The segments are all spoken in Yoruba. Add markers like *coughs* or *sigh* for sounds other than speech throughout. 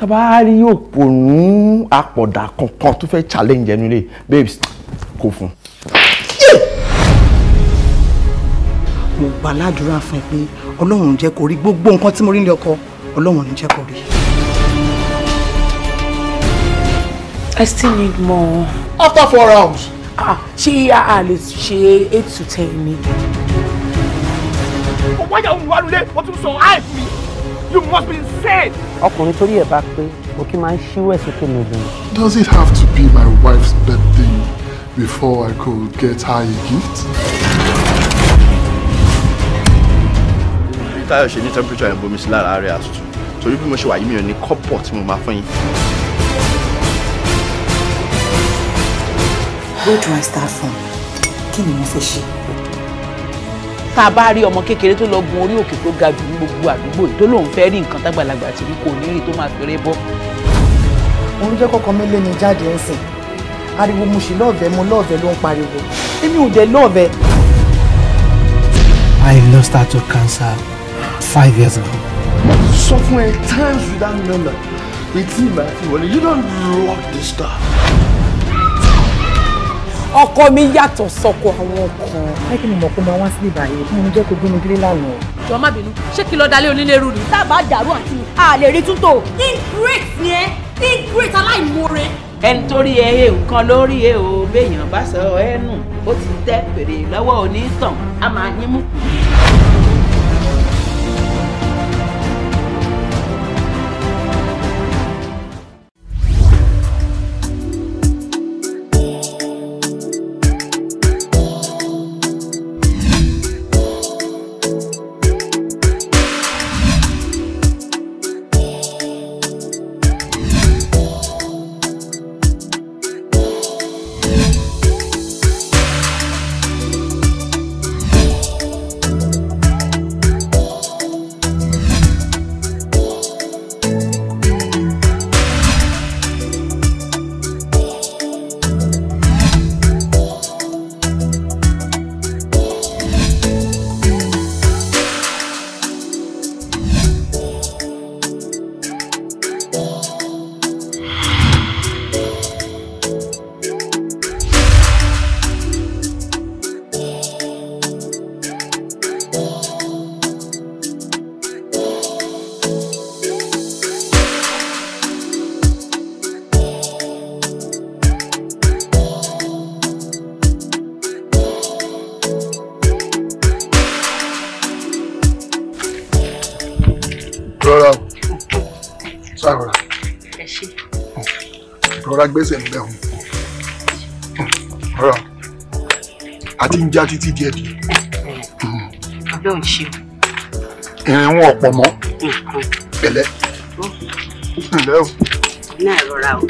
tàbá rí òpòrún àpọ̀dà kankan tó fẹ́ challenge ẹnu lè babes kò fún. mo gbà ládùúrà fún ẹ pé ọlọ́run jẹ́ kó rí gbogbo nǹkan tí mo rí ní ọkọ ọlọ́run ní jẹ́ kó rí. I still need more. After four rounds. Ah, ṣé a lè ṣe eight to ten ni. ọ̀pọ̀ ìyàwó mi wà lulẹ̀ wọ́n tún sọ àìsí mi. You must be insane. Ọkùnrin torí ẹ̀ bá pé o kí máa ń ṣíwẹ̀ sókè lóbìnrin. Does it have to be my wife's birthday before I could get her a gift? Táyọ̀ ṣe ní temperature yẹn bomi sí lára rẹ̀ àtútù torí bí mo ṣe wà yìí mi ò ní kọ́pọ̀ tí mo máa fún yín. Where do I start from? Kí ni mo fẹ́ ṣe? tá bá rí ọmọ kékeré tó lọ gun orí òkè tó ga jù ní gbogbo àdúgbò yìí tó lóun fẹ́ rí nǹkan tágbàlagbà ti rí kò ní tó máa fẹ́rẹ́ bọ́. mo jẹ́ kọ́kọ́ mi lé ní jáde ń ariwo mo sì lọ́ọ̀bẹ mo lọ́ọ̀bẹ ló ń pariwo èmi ò dé lọ́ọ̀bẹ. I lost her to cancer five years ago. sọ fún ẹ times without number etí ìmọ̀ àti ìwọlé you don't rock the star ọkọ mi yàtọ̀ sọ́kọ àwọn kan. láìpẹ́ mi mọ̀ pé máa wá sí ìbàyẹ̀ kí mo jẹ́ kó gbé mi délé lánàá. jọ má bínú ṣé kí lọ dalé onílé rú ni. tábà dàrú àti a lè rí túntò. ingrate ni ẹ ingrate aláìmoore. ẹni tó rí ẹ nǹkan lórí ẹ o béèyàn bá sọ ẹ nù ó ti tẹ fèrè lọ́wọ́ onítàn á máa yín mú. àti ń já títí díẹ̀ díẹ̀. Ọlọ́run ṣe. Ìrìn wọn ọ̀pọ̀ mọ́. Pẹ̀lẹ́. Ǹlẹ́ o. Náà rọra o.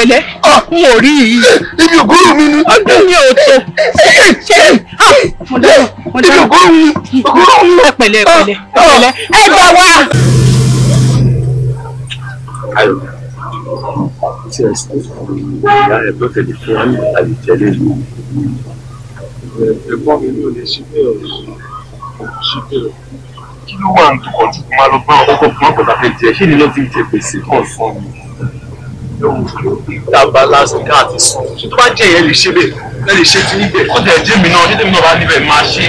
pẹ̀lẹ́ ah, n ò rí i. Eh, ibi ògúrù mi ni. ọdún mi ò tó. Eh, eh, ṣe ah, mo dáwọ mo dáwọ. ibi ògúrù mi ògúrù mi. ẹ pẹ̀lẹ́ pẹ̀lẹ́ ah, pẹ̀lẹ́ ẹ gbà wá. ayo tí ẹ sọ ìyá ẹ tó tẹ̀lé fún wa ní àlìjẹlẹ mi ẹ̀gbọ́n mi ní olè ṣe bẹ́ẹ̀ ṣe bẹ́ẹ̀ kí ló wà ń tukọ̀ jù kó má lọ bá ọkọ̀ fún ọkọ̀ tàbí jẹ ṣé ni lọ́ọ́ ti ń jẹ gbèsè kan fún mi dábàá lásìkò àti sùn ṣé tó bá jẹ́ ìyẹn lè ṣe bẹ́ẹ̀ ẹ lè ṣe ti níbẹ̀. ó tẹ̀ jẹ́ mi náà ṣé tèmi náà bá níbẹ̀ máa ṣe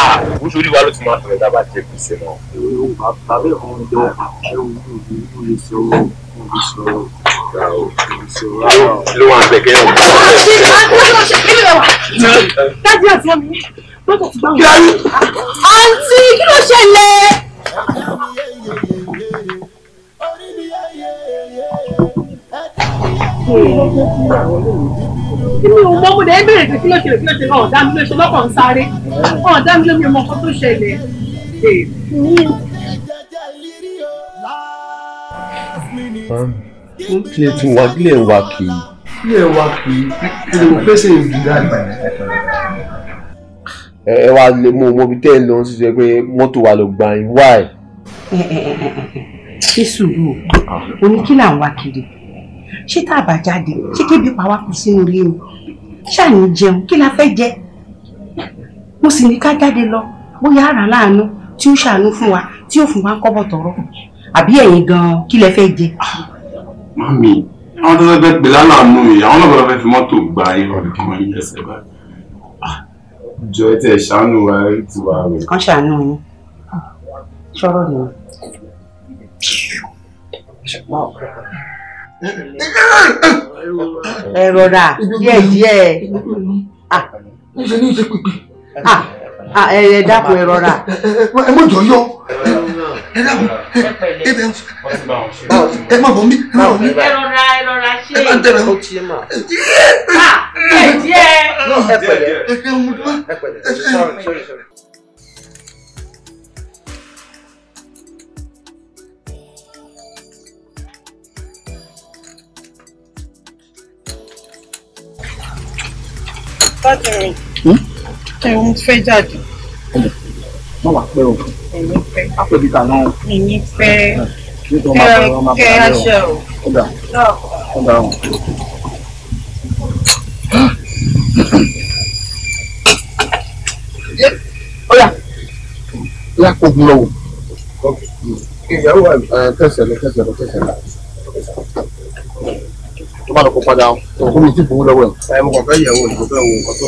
à oṣù orí wa ló ti máa tẹ̀lé dábàá jẹ́ gbèsè náà. bàbá ẹ̀ ń jọ ló wà gbẹ̀gẹ́ ọ̀. dájú àti ọmọ mi mọ́tò ti gbà wọ́n. àǹtí kí ló ṣẹlẹ̀. Kíni o mọ́ mo dẹ̀ bèrè pé kí ló ṣẹlẹ̀ ọ̀dá mi ló ṣe lọ́kàn sáré ọ̀dá mi ló mi mọ̀ ọkọ tó ṣẹlẹ̀. Kílẹ̀ tí wà kílẹ̀ wà kì í. Kílẹ̀ wà kì í. Kílẹ̀ mo fẹ́ sẹ́yìn jù dáadáa. Ẹ wá lè mú ọmọ bíi tẹ́ ẹ lọ sí sọ pé mọ́tò wa ló gbà yín wáì. Ṣé sùúrù o? Oní ń wá kiri? ṣé tá a bá jáde ṣé kébi pa wá kù sínú ilé o ṣàní jẹun kí la fẹ́ jẹ mo sì ní ká jáde lọ bóyá ara láàánú tí ó ṣàánú fún wa tí ó fún wa ń kọ́bọ̀ tọ̀rọ̀ àbí ẹ̀yin gan-an kí lẹ fẹ́ jẹ. mami àwọn tó fẹ́ pè lálàánú mi àwọn náà fẹ́ fi mọ́tò gba ìrọ̀lẹ́ kan yín ẹsẹ̀ báyìí ah, jọ ẹ tẹ ṣàánú wa ti wà rẹ. kàn ṣàánú yín ṣọ́rọ̀ nìyẹn ẹ rọra díẹ̀ díẹ̀ níṣẹ́ ní ìṣe pípé. ẹ dákun ẹ rọra. ẹ mọ̀ jọ yọ ẹ dákun ẹ bẹ ẹ má bọ̀ mí ẹ má bọ̀ mí. ẹ rọra ẹ rọra ṣe é. ẹ bá ń tẹ̀lé o. díẹ̀ díẹ̀. ẹ pẹ̀lẹ́ ẹ pẹ̀lẹ́ sorry sorry. Dájú mi. Hmm? Ẹ o mo fẹ́ jáde. Má wàá pẹ́ o. Èmi pẹ́. Á pẹ́ bíi tàná. Èmi pẹ́. Nítorí máa bẹ̀rẹ̀ wọn máa bẹ̀rẹ̀ o. Kẹ́ aṣọ o. Ó dà. Ó dà wọn. o yá. Ó Ìyàwó ẹ̀ tẹ̀sẹ̀ lọ tẹ̀sẹ̀ lọ tẹ̀sẹ̀ lọ tó bá lọ kó padà o. òkú mi ti gbowó lọ́wọ́ ẹ̀. ẹ mo kàn fẹ́ yẹ̀wò nǹkan tó.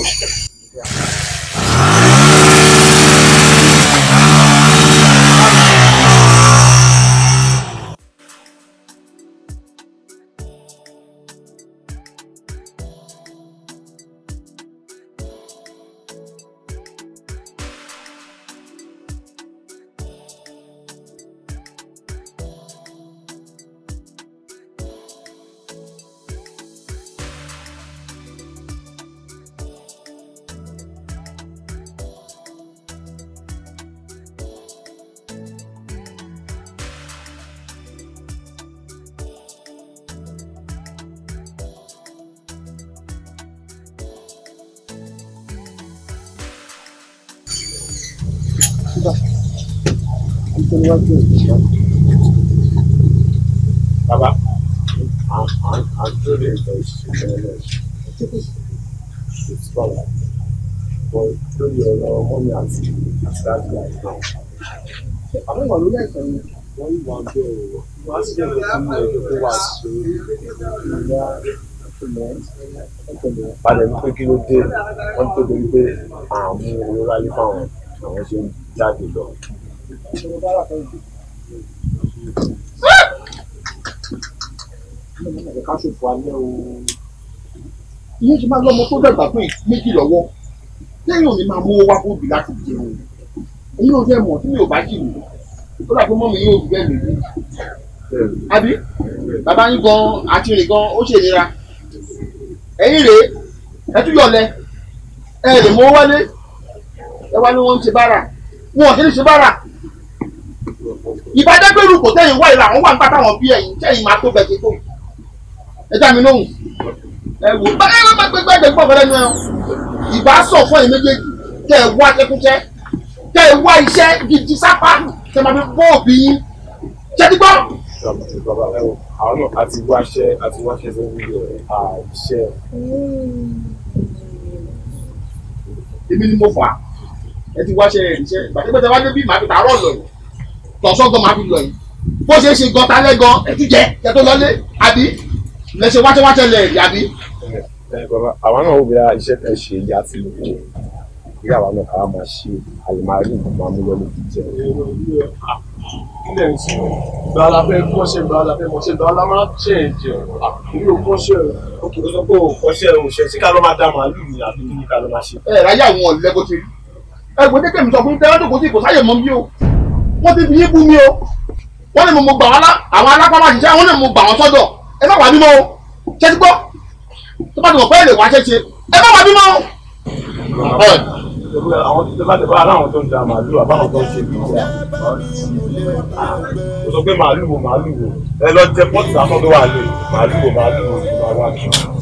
Сюда. Baba, I'm, I'm, I'm really impressed with your knowledge. It's all But through your uh, money and that like now. Àwọn ọ̀rọ̀ yẹn kan wọ́n yí wà bẹ́ẹ̀ o. Wọ́n á sì bẹ̀rẹ̀ fún mi tó wà sí ìyá ìpínlẹ̀. Padà ní pé kí ló dé, wọ́n tó dorí pé àwọn owó ráyé fáwọn àwọn ṣe ń bọ̀ jáde lọ. ìyẹn ti máa lọ́mọ tó dàgbà pé méjì lọ́wọ́ lẹ́yìn òní máa mú wá fóbi láti jẹun èyí ò fẹ́ mọ̀ tí mi ò bá jì mí ó dà pé mọ́mí yóò fi bẹ́ẹ̀ lèmi àbí bàbá yín gan àti rìn gan ó ṣèlera ẹ̀yìn rèé ẹ tún yọ̀lẹ̀ ẹ lè mọ́ wálé ẹ wá ní wọ́n ń ṣe bára wọn ò ṣe ní ṣe bára ìbádẹ́gbẹ̀rù kò tẹ̀yìn wáyé làwọn wà nígbà táwọn bí ẹ̀yìn tẹ̀yìn máa tó bẹ̀ ṣe tó ẹ dá mi lóhùn ẹ wò ó báyọ̀ lọ́pàá gbẹgbẹ́ ẹ̀dẹ̀gbọ́n fẹ́rẹ́ nu ẹ ìbá sọ fún ẹ̀yìn méjèèjì kẹ́ ẹ wá tẹkútẹ́ kẹ́ ẹ wá iṣẹ́ gidi sápá kẹ́ ẹ máa fi bọ́ òbí yín ṣe ti gbọ́. àwọn náà àti wáṣẹ àti wáṣẹ tó ń lò àìṣe. èmi ni mo fà á ẹ ti wáṣẹ ìṣe ìgbàdégbèsè wá débi màá fi tààrọ̀ lọ yìí tọ̀sọ́gbọ̀n màá fi lọ yìí bó ṣe ṣe gan talẹ́ gan ẹ tún jẹ ẹ tó lọlé àbí lẹ ṣe wáṣẹwáṣẹ lẹ rí àbí. àwọn náà wò bí i iṣẹ́ fẹ́ ṣe ìyá ti lò ó ìyá wa náà kára máa ṣe àlùmárì máa mú lọ́lọ́ fi jẹ. ilé ń sọ gba la fẹ́ kọ́ṣẹ́ gba la fẹ́ mọ̀ṣẹ́ gba la máa ṣe é jẹ àbí o kọ́ṣẹ́ o kì í sọ pé o kọ́ṣẹ́ o ṣe sí ká ló máa dá màálù ni àbí kí ká ló máa ṣe. ẹ ráyà wọn lẹ́gbọ́n ẹgbẹ́ tètè mi sọ fún tẹ́lẹ̀ tó kò sí kò sáyè mọ́ bí o wọ́n ti fi yín bú mi o wọ́n ní mo mo gbà wọ́n àwọn alápámá ṣiṣẹ́ wọ́n ní mo gbà wọ́n sọ́dọ̀ ẹ má wà bímọ o ṣe ti gbọ́ tó bá ti mọ̀ pé èrè wá ṣe ṣe ẹ má wà bímọ o. àwọn tí tẹ́lá tẹ́lá aláwọn tó ń da màálù àbáwọn tó ń ṣe bí wọ́n o sọ pé màálù wo màálù wo ẹ lọ jẹ pọ́ọ̀tì àtọ́dọ́ wà lè màálù wo màálù wo ìgbà wà kí wọ́n.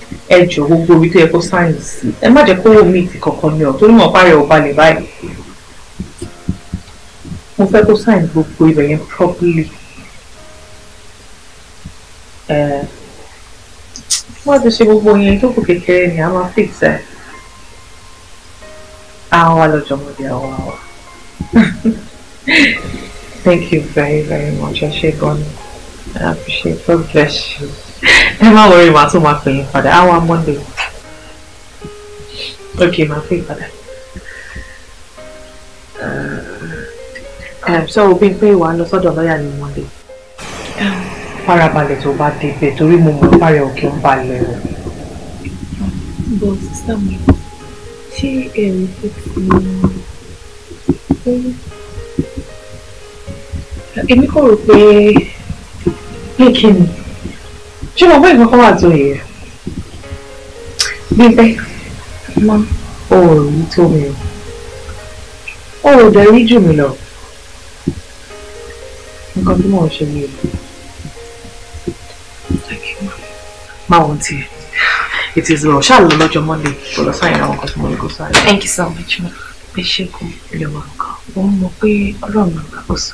ẹ jọ gbogbo orí tó yẹ kó sáyìn sí ẹ má jẹ́ kówó mi ti kankan ní ọ torí mo bá ọba lè báyìí mo fẹ́ kó sáyìn gbogbo ibẹ̀ yẹn properly ẹ wọ́n ti ṣe gbogbo yẹn tó kù kékeré ni a máa fix ẹ àwa lọ́jọ́ mo di àwa wa thank you very very much ẹ ṣé gan-an I appreciate God bless you. Never worry, ma. So my paying for the hour Monday. Okay, ma. Pay for Uh, um, so bí n pé ìwà lọ sọ́dọ̀ lọ́ọ̀yà ní Monday. Farabalẹ̀ tó bá débẹ̀ torí mo mọ̀ fárẹ̀ òkè ń balẹ̀ o. Bọ̀ sísá mi, ṣé ẹ̀rí tó ti mú Èmi kò rò pé pé ṣé mo gbé nǹkan kan wà tó yẹ bíbẹ mọ òòrùn yìí tó mi o òòrùn dẹrí jù mí lọ nǹkan tí mò ń ṣe mi o máa wọ́n tiẹ̀ it is well ṣáà lọ lọ́jọ́ monday kò lọ sáyẹn àwọn kan tí mo lè kó thank you so much ma pé ṣẹ́gun lè wà nǹkan mo mọ pé ọlọ́run ló gbàgbọ́ sọ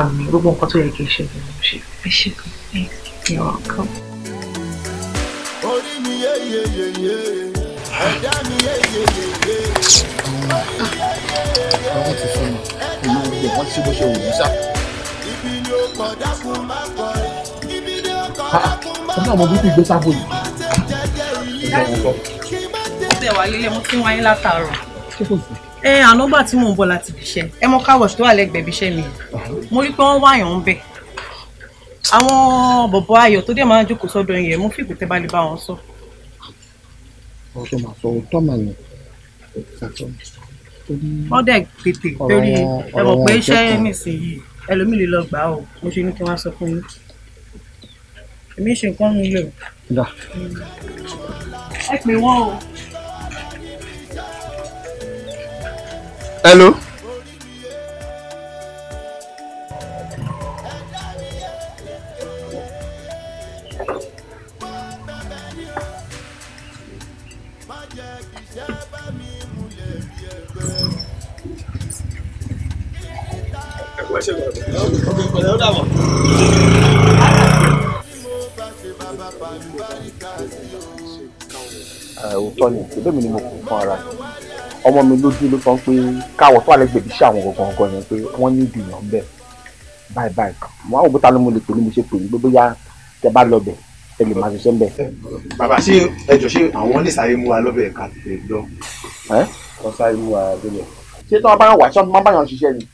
àmì gbogbo nǹkan tó yẹ kí n ṣe ló ń ṣe. ẹ ṣẹ́gun thanks you're welcome orí mi yé yé yé yé ẹ̀dá mi yé yé yé yé àwọn ti fún mi ìlú ìgbẹ́ wọ́n ti bó ṣe wù mí ibi ni ó kọ̀ dákun má kọ̀ ibi ni ó kọ̀ dákun má kọ̀. ọ̀nà ọmọ bíbí gbé sáfò yìí. ó bẹ̀ wá lílé mo ti ń wáyé látàárọ̀. ẹ àná gbà tí mò ń bọ̀ láti fi ṣe ẹ mọ car tó wà lẹ́gbẹ̀ẹ́ ibi mi mo rí pé wọ́n wáyàn ń bẹ̀ àwọn bọ̀bọ̀ ayọ̀ tó dé máa jókòó sọ́dọ̀ yẹn mú fìgbò tẹ́ bá lè bá wọn sọ. wọ́n tó máa sọ òótọ́ màá ní wọ́n dẹ̀ tètè torí ẹ pé iṣẹ́ nísìnyí ẹlòmíì lè lọ gbà ó mo ṣe ní kí wọ́n sọ fún yín èmi ṣe nǹkan mi lò. ẹ pè wọ́n o. hello. pẹ̀lẹ́ ó dàbọ̀. òótọ́ ni ìbémi ni mo kò fún ara ọmọ mi lójú ló sọ pé káwọ̀ tó àlẹ́gbẹ̀ẹ́ bí sàwọn gangan gan yẹn pé wọ́n ní ìdìyàn bẹ́ẹ̀ báyìí báyìí kan wọn á wò bóta ló mo lè pè ní mo ṣe pè ní gbogbo yá tẹ bá lọ bẹ̀ ẹ lè máa ṣiṣẹ́ bẹ̀. bàbá ṣé ẹjọ ṣé àwọn lè sáré mú wa lọ́bẹ̀ ká tètè lọ. ẹ kọ́ sáré mú wa lọ́bẹ̀. ṣé tí wọ́n bá yàn ṣọ́ọ́ máa bá yàn ṣiṣẹ́ ni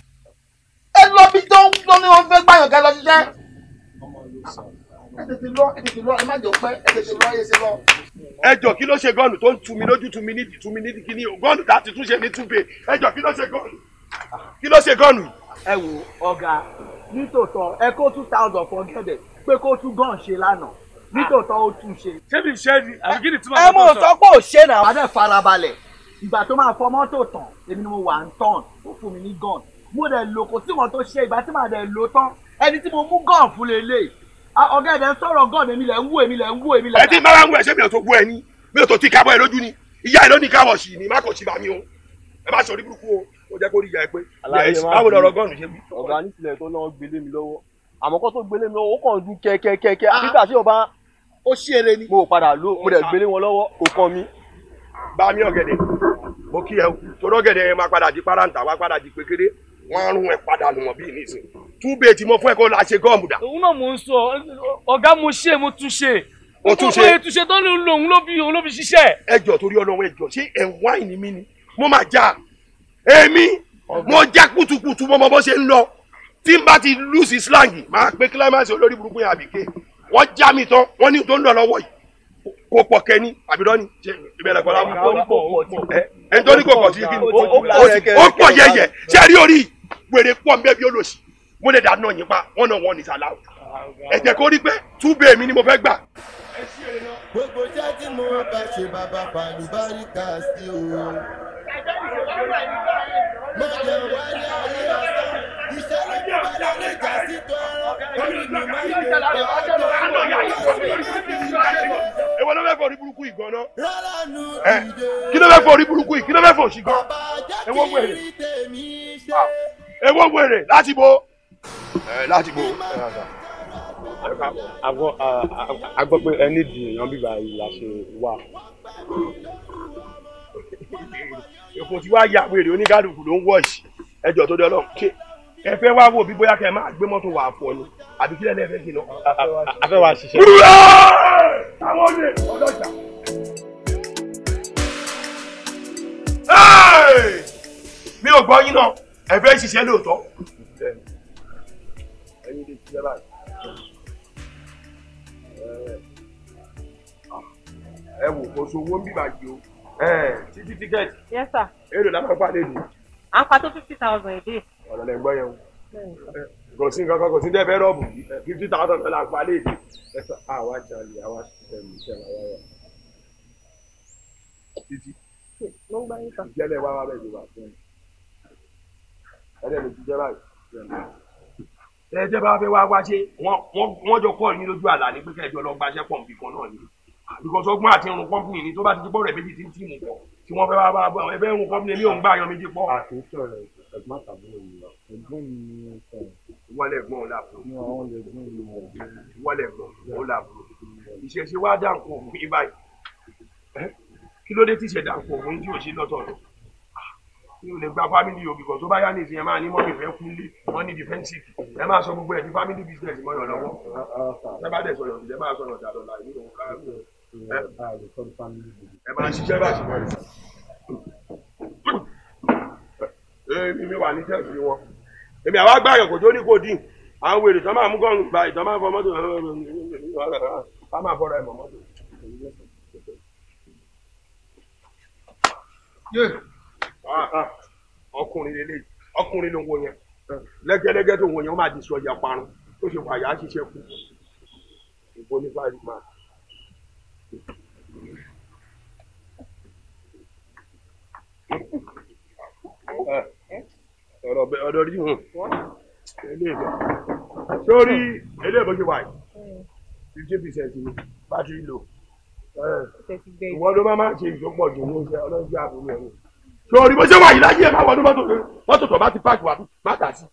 ẹ lọ bí tó ń tó ní wọn fẹ́ gbàyàn kẹ lọ ṣiṣẹ́ ẹ tètè lọ ẹ tètè lọ ẹ má jọ pẹ́ ẹ tètè lọ ẹ ṣe lọ. ẹ jọ kí ló ṣe gọ́ọ̀nù tó ń tu mi lójú tu mi nídìí tu mi nídìí kí ni gọ́ọ̀nù tá a ti tún ṣe ní túbe ẹ jọ kí ló ṣe gọ́ọ̀nù kí ló ṣe gọ́ọ̀nù. ẹ wo ọ̀gá nítòótọ́ ẹ kó two thousand fún gẹ̀dẹ̀ pé kó tún gàn ṣe lánàá nítòótọ́ ó tún ṣe. ṣé mi ṣe ni àbí kí ni tí mo bá tó sọ. ẹ mú sọ pé ò ṣe náà. wàá dẹ̀ farabalẹ̀ ìgbà tó máa fọ mọ́tò tán èmi ni mo wà ń tán ó fún mi ní gàn mo dẹ̀ lò kò sí wọn tó ṣe ìgbà tí màá dẹ̀ lò tán ẹni tí mo mú gàn fún lélẹ̀ ọ̀gá ẹ̀dẹ̀ ń sọ̀rọ̀ gàn èmi lẹ̀ ń wò èmi lẹ̀ ń wò èmi lẹ̀. ẹtí máa ń wọ ẹsẹ mi ò tó gbọ́ ẹ ní mi ò tó ti kábọ̀ ẹ lójú ni ìyá ẹ lónìí káwọ̀ sí ni má kò sí bá mi o ẹ má sọ ní burúkú o ó jẹ́ kó rí ìyá ẹ pé báwo lọ̀rọ̀ gọ́ọ̀nù ṣe bí. ọ̀gá nísìlẹ̀ tó náà gbélé mi lọ́wọ́ àmọ́ kó tó gbélé mi lọ́wọ́ ó kàn dún kẹ́kẹ́kẹ́kẹ́ ah. nígbà tí ọba ó ṣí eré ni. mo padà lọ mo dẹ̀ gbélé wọn lọ́wọ́ kò kàn mí. bá mi ọ̀gẹ̀dẹ̀ mo kí ẹ torọ́gẹ̀dẹ̀ máa padà di páràǹtà wá padà di pékeré wọn á rún ẹ padà nù wọn bí nìsín túbẹ̀ tí mo fún ẹ kó la ṣe gọ́ọ̀mù dà. òun náà mò ń sọ ọ̀gá mo ṣe mo tún ṣe o tún ṣe o tún ṣe tó ní lòun ló bí òun ló fi ṣiṣẹ́. ẹ jọ torí Ọlọ́run ẹ jọ ṣé ẹ wáìnì mi ni mo máa já èmi mo já kùtùkùtù mo mọ bó ṣe ń lọ tí n bá ti lùsì slang máa pé climax olórí burúkú yẹn àbíké wọ́n já mi tán wọ́n ní tó ń lọ lọ́wọ́ yìí kó pọ̀ kẹ́ni àbí lọ́ni ìbẹ̀rẹ̀ kọ́lá ẹ̀ ń tó ní kò pọ̀ sí kí ni ó pọ̀ yẹyẹ ṣé rí orí wèrè pọ̀ ń bẹ́ bí olóṣì mo lè dáná yín pa wọ́n náà wọ́n ní sàlá o ẹ jẹ́ rí pé túbẹ̀ mi ni mo fẹ́ gbà. gbogbo jẹ́ tí mo bá ṣe bàbá pàlùbáríkà sí o. mo jẹ wáyé ayé ọ̀sán iṣẹ́ ló ti padà lè sí tó ẹran orí mi máa ń lè pa ọjọ́ ìwádìí ìwádìí èwo ló fẹ́ fọ orí burúkú yìí gan-an ẹ kí ló fẹ́ fọ orí burúkú yìí kí ló fẹ́ fọ òṣì gan èwo wèrè èwo láti bo láti bo a gbọ́ pé ẹni di èèyàn bíbá yìí la ṣe wà. èkó tí wàá yà wèrè oníkálukú ló ń wọ̀ṣì ẹjọ́ tó dé ọlọ́run ké ẹ fẹ́ wá wo bí bóyá kẹ́ ẹ máa gbé mọ́tò wà fọ ni àbí kílẹ̀ náà ẹ fẹ́ kí n lọ. a fẹ́ wá ṣiṣẹ́. àwọn olè ọ̀dọ́ ìjà. mi ò gbọ́ yín náà ẹ fẹ́ ṣiṣẹ́ lóòótọ́. ẹyin ẹ wò kó so owó ń bíbá yìí o. títí tíkẹ́ẹ̀tì. yẹ́sà. làwọn pàdé ni. àpàtó fifty thousand èdè ọ̀rọ̀ lẹ́gbọ́ yẹn o kò sí nǹkan kan kò sí dẹ́ fẹ́ rọ́ọ̀bù fifty thousand dollar àpálẹ̀ èdè ẹ sọ àwa ah, jalè àwa sẹ́mi ìṣẹ̀lẹ̀ àwa yà títí ìjẹ́lẹ̀ wá wá bẹ́ẹ̀ ti wà fún mi ẹ̀rẹ́ mi ti jẹ́ báyìí ẹ̀ẹ́dẹ́ bá fẹ́ wá wá ṣe wọ́n jọ kọ́ ní lójú àlá ní pé kẹ́ẹ̀jọ lọ gbaṣẹ́ pọ̀ nbìkan náà ni because ọgbọ́n àti irun kọ́mpìnì ni tó bá ti ti gbọ́dọ̀ méjì tí ń tì mú pọ̀ tí wọ́n fẹ́ wá bá ẹgbẹ́ irun kọ́mpìnì mi ò ń gbà yan méjì pọ̀. àtúntò rẹ̀ ẹ̀gbọ́n àtàbúrò mi lọ. ẹ̀gbọ́n mi ni mo sọ. wọlé ẹ̀gbọ́n ò làbúrò. ní àwọn ẹ̀gbọ́n mi lọ. wọlé ẹ̀gbọ́n ò làbúrò. ìṣẹ̀ṣe wa dà nǹkan òfin yín báyìí. kí ló dé tí ìṣẹ̀dá nǹkan òfin tí ò sí lọ́tọ̀ọ̀tọ̀. Ah, mi ò lè gba family yòókì kan tó bá yá ní ìsìn ẹ máa ní mọ́mì fẹ́ kú lé wọ́n ní defensive ẹ máa sọ gbogbo ẹ̀ di family business mọ́ yàn lọ́wọ́. Ah, ah, ẹ bá dẹ̀ sọ̀rọ̀ ẹ máa sọ̀rọ̀ dàdọ̀ *coughs* èmi mi wà ní ṣẹ́ẹ̀sì wọn èmi àwa gbá àyànkò tó ní kò dín àwọn wèrè tó máa mú gọ́ọ̀nù gba ìtọ́ máa fọ mọ́tò ká máa fọ́ra ẹ̀mọ́ mọ́tò. Ah, ah. ọkùnrin lele ọkùnrin ló ń wo yẹn lẹ́gẹ́lẹ́gẹ́ tó ń wo yẹn ó máa di sọ ìyá parun ó ṣe wàyà á ṣiṣẹ́ kú ìbò nípa ìgbà. Uh ọ̀rọ̀ bẹ ọ̀rọ̀ rí hàn eléèbọ̀ sórí eléèbọ̀ ṣe wà yìí hmm. fifty percent ni bátìrì lò eh. ìwọ ló máa ṣe ìjọpọ̀ jù ní oṣù ọlọ́jọ́ àbúrò ẹ̀rọ sórí bó ṣe wà yìí láyé ẹ̀ máa wọnú mọ́tò tó bá ti páàkì wà má dà sí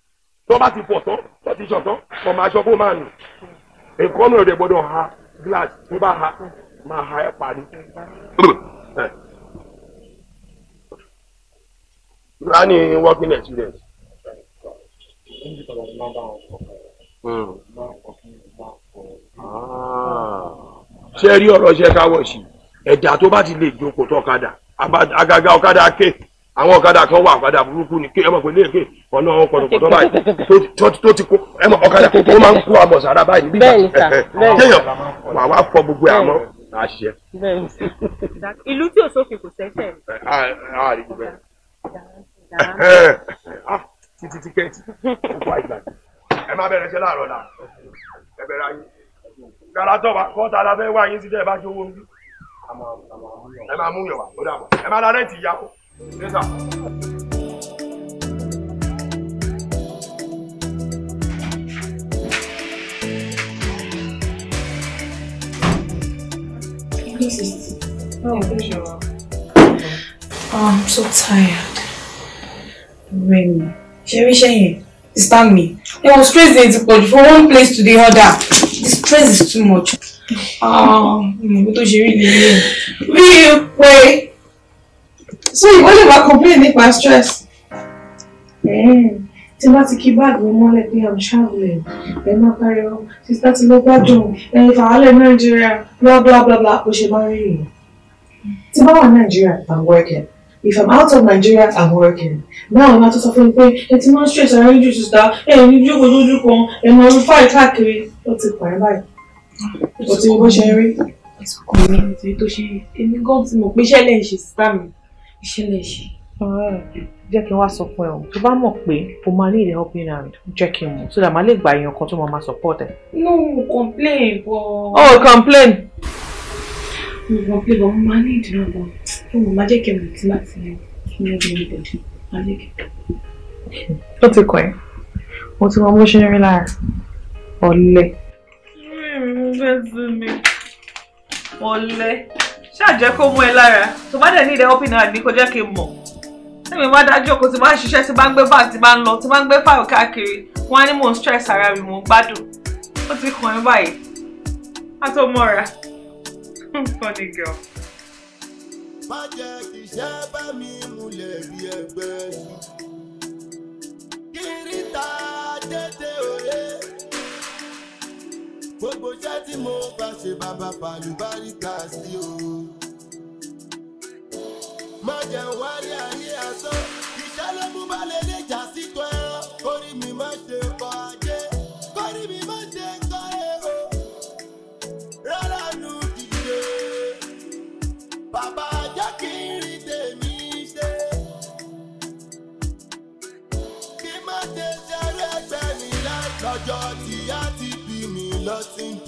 tó bá ti pọ̀ tán tó ti ṣọ̀tán kò máa ṣọ́ kó máa nù èkó náà rẹ̀ gbọ́dọ̀ ha glass tó bá ha máa ha ẹ̀ parí. a ní working experience. Hmm. Ah. ṣé rí ọ̀rọ̀ ṣe káwọ̀ sí ẹ̀dá tó bá ti lè jókòó tó ọ̀kadà àgàgà ọ̀kadà ké àwọn ọ̀kadà kan wà ọ̀kadà burúkú ni ké ẹ mọ̀ pé léèké ọ̀nà ọ̀pọ̀lọpọ̀ báyìí *laughs* tó ti kó ẹ mọ̀ ọ̀kadà tó máa ń kó àbọ̀sára báyìí nígbà téèyàn wà wá fọ gbogbo ẹ̀ àmọ́ àṣẹ. ìlú tí òṣòfin kò sẹ́sẹ̀ títí tíkẹ́ẹ̀tì ẹ má bẹ̀rẹ̀ iṣẹ́ láàárọ̀ la ẹ bẹ̀rẹ̀ ayé gbàrà tọ́ba kọ́ta la fẹ́ wá yín sí dẹ́ẹ̀ bá owó níbí ẹ máa mú yàn wá ó dàbọ̀ ẹ máa la rẹ́ẹ̀tì ìyá o ṣé sà. oh, I'm so tired ọ̀rẹ́ mi ṣeríṣẹ́ yẹn me? mi was wọ stress dey ti pọ̀ from one place to the other This stress is too much. ìmọ̀ ah, tó ṣe rí lélẹ̀ bí i pé so ìwọ lè máa complaining about stress. Hmm. tí bá ti kí báàgì mi mọ́lẹ̀ pé i'm She starts to look bad. ti if I ẹ in Nigeria, blah blah blah blah we should marry. rí ìyẹn tí bá i'm working if i'm out of nigeria i'm working báwo ni a ti sọ fún mi pé ẹ ti máa ń stress ara yín jù síta ẹ ní jókòó lójú kan ẹ máa ń fà káàkiri ó ti pààyàn báyìí ó ti bó ṣe rí. ọkùnrin tó ṣe èmi gan ti mọ̀ pé iṣẹ́ lè ṣe síta mi iṣẹ́ lè ṣe. jẹ́ kí n wá sọ fún ẹ o tó bá mọ̀ pé o máa ní ilẹ̀ helping hand jẹ́ kí n mọ̀ so that màá lè gba èèyàn kan tó máa support ẹ. no complain but. oh complain. no mm, complain but mo máa ní ìdùnnú bọ̀. Mo máa jẹ́ kí ẹ̀mí tí máa ti ní ọdún ìbẹ̀dì. Máa jẹ́ kí. Ó ti kọ̀ ẹ́. Mo ti mọ bó ṣe ń rí lára. Ọ̀lẹ. Ọ̀lẹ. Ṣáàjẹ́ kó mú ẹ lára. Tó bá dẹ̀ ní ìdẹ́ ọ́pìn náà ní kó jẹ́ kí n mọ̀. Tẹ́mi bá dájú kò tí máa ń ṣiṣẹ́ tí máa ń gbé báàgì tí máa ń lọ tí máa ń gbé fáìlì káàkiri. Wọ́n á ní mò ń stress ara mi mò ń gbádùn. Ó ti kàn ẹ́ báyìí. A tó mọ́ra. *laughs* Funny girl má jẹ́ iṣẹ́ bá mi múlẹ̀ bí ẹgbẹ́ yìí. kíríta dédé òye gbogbo iṣẹ́ tí mo bá ṣe bàbá pàlùbáríkà sí o. má jẹ́ wálé ayé asán ìṣẹ́ ló mú balẹ̀ lè jà sí tó ẹ. nothing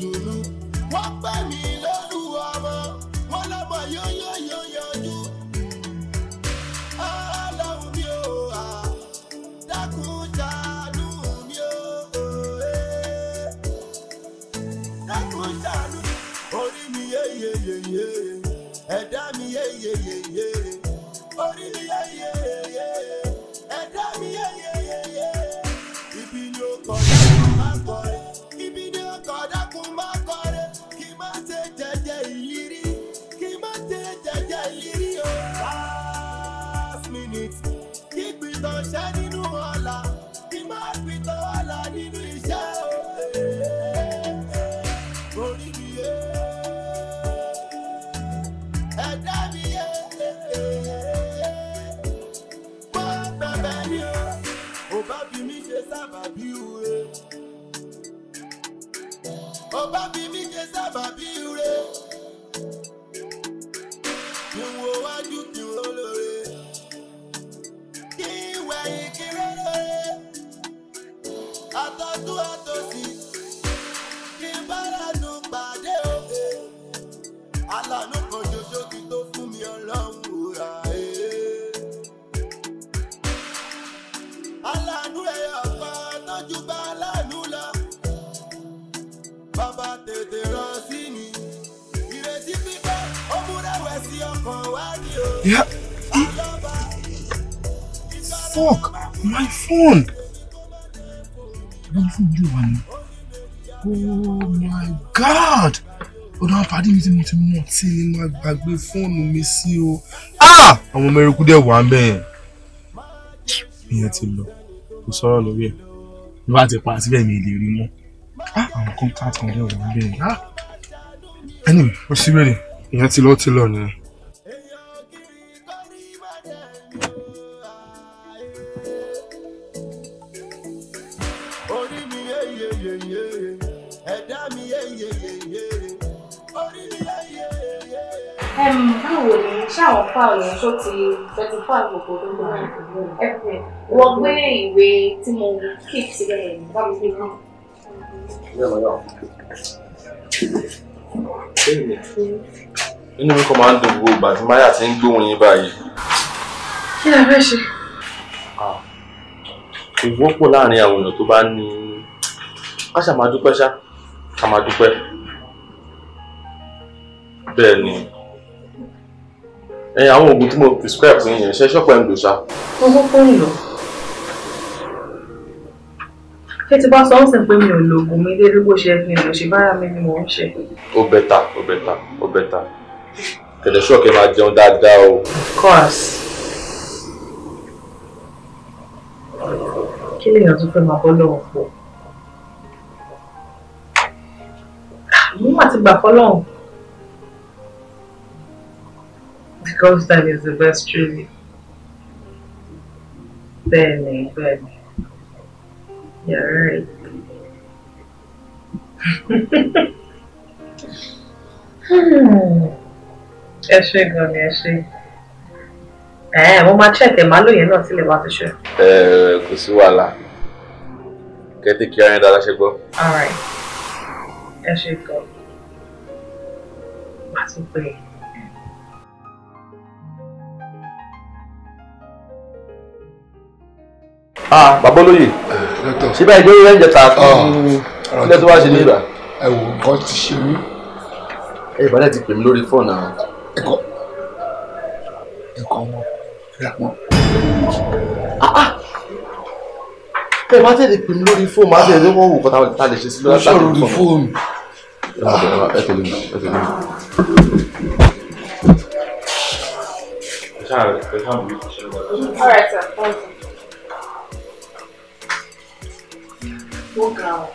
tó bá fi mí ṣe sábàbí ire. kí n wo wájú kí n ro lóore. kí n wẹ̀yìn kí n ro lóore. àtọ́tún àtòsí. Yeah. Fuck! My phone! Wọ́n fún ojú wa ni. Oh my God! Oh no, pàdé mi tí mo ti mú ọtí ni máa gbàgbé fóònù mi sí o. Àwọn ọmọ eruku dẹ̀ wà ń bẹ̀ yẹn. no. ti lọ. Kò sọ̀rọ̀ lórí ẹ̀. Bí wàá ti pa síbẹ̀ mi lè Ah, I'm Àwọn kọ́ńtà kan dẹ̀ wà ń bẹ̀ ah! Anyway, ó sì ready. ni. Ìyẹn ti lọ ti báwo ni ṣáwọn fáwọn yẹn tó ti thirty five gbogbo tó gbà ẹ̀fẹ̀ wọ́n gbé ìwé tí mo keep sílẹ̀ yẹn báwo ni wọ́n. inú mi kàn máa ń dùn gbogbo ìgbà tí máyà ti ń gbóhùn yín báyìí. kí ni a fẹ́ ṣe. ìwọ́pọ̀ láàrin àwọn èèyàn tó bá ní ká ṣàmà dúpẹ́ ṣá ká máa dúpẹ́ bẹ́ẹ̀ ni ẹ àwọn oògùn tí mo prescribe fún yẹn ṣe ṣọ́pọ̀ ẹ̀ ń lò ṣá. mo kọ́kọ́ ń lọ ṣé ti bá sọ ọ́n sì pé mi ò lo oògùn mi lérí bó ṣe ni mo ṣe bára mi ni mò ń ṣe. ó bẹ̀tà ó bẹ̀tà ó bẹ̀tà kẹ̀dẹ̀ ṣọ́ọ̀kì máa jẹun dáadáa o. course. kí lèèyàn tún fẹ́ máa bọ́ lọ́wọ́ pọ̀. mo máa ti gbà fọ́lọ́hùn because that is the best truly. Bẹ́ẹ̀ni, bẹ́ẹ̀ni. You're right. *laughs* ẹ ṣe gan ni ẹ ṣe. ẹ mo máa check ẹ máa lóye náà sílẹ̀ wá fi ṣe. ẹ kò sí wàhálà kẹ́tí kí ara dára ṣe gbọ́. ẹ ṣe gan. màá tún pè é. ah bàbá olóyè síbẹ̀ ìjọ ìrẹ́ ìjẹta ilé tó wá ṣe ní ìgbà. ẹ wò nǹkan ti ṣe mí. ẹ bá dẹ̀ ti pè mí lórí fóònù àwọn. ẹkọ ẹkọ ọmọ rẹ pọn. Ah, ah. ẹ bá tẹ̀lé pè mí lórí fóònù àti ẹ̀rọ wò kọ́ta ta lè ṣe sí lórí fóònù. lórí fóònù. ẹ tẹ̀lé mi ẹ tẹ̀lé mi. All right, sir. Thank you. ó ga ọ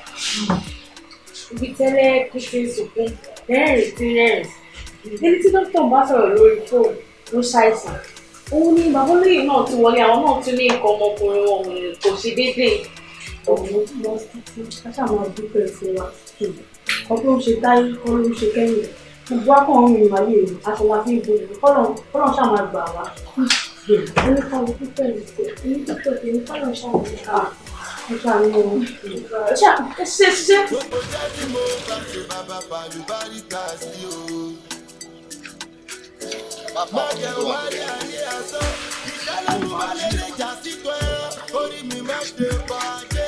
ibi tẹ́lẹ̀ kí ṣe ń sunkún rẹ́rìn tí rẹ́rìn níbi tí dókítà bá sọ̀rọ̀ lórí fóònù ló ṣàìsàn òun ni bàbá olóyè náà ti wọlé àwọn náà ti ní nǹkan ọmọkùnrin wọn kò ṣe déédéé ọ̀hún lọ títí káṣàmọ́ ìdúpẹ́ fún wa ọdún ṣe táyé ọdún ṣe kẹ́yìn gbogbo akọ̀ọ̀hún ìwáyé rẹ̀ aṣọ wa fi ń bo ìlú kọ́lọ̀ ṣàmà gbà wá oníkàwé pípẹ́ ìlú oníkàwé pípẹ́ ìlú kọ́lọ̀ ṣàmà gbà wá. Má jẹ́ wáyé ayé asán, ìdálẹ́nu má lè lè jà sí tó ẹ́, orí mi má ṣe bàjẹ́.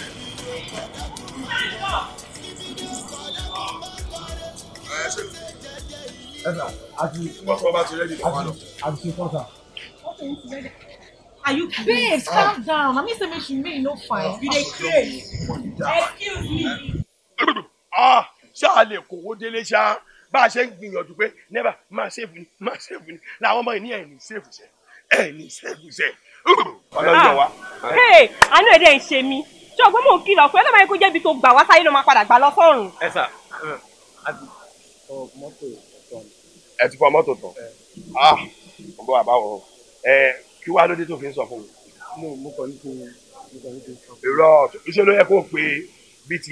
Are you babes calm ah. down? I mean say make you Are you no fine. Ah, you dey craze. Excuse me. *coughs* Ah, ṣáà lè kówó délé ṣáá bá a ṣe ń gbìyànjú pé never máa ṣèfù ni máa ṣèfù ni làwọn ọmọ ènìyàn ẹni ṣèfù ṣe ẹni ṣèfù ṣe. *coughs* ọlọ́jọ́ wa. Ah, hey àánú èdè ń ṣe mí ṣé ọgbọ́n mò ń kìlọ̀ fún ẹ lọ́mọ ikú jẹ́bi tó gbà wá sáyé ló máa padà gbà lọ sọ́run. ẹ sà àti ọmọ pé ẹ ti fọ mọ́tò tán ah mo bọ́ àbáwọ̀ ẹ kí wàá lóde tó fi ń sọ fún mi. mo mo kàn ní kí mo kàn ní kí n sọ. irọ́ iṣẹ́ ló yẹ kó o pe bts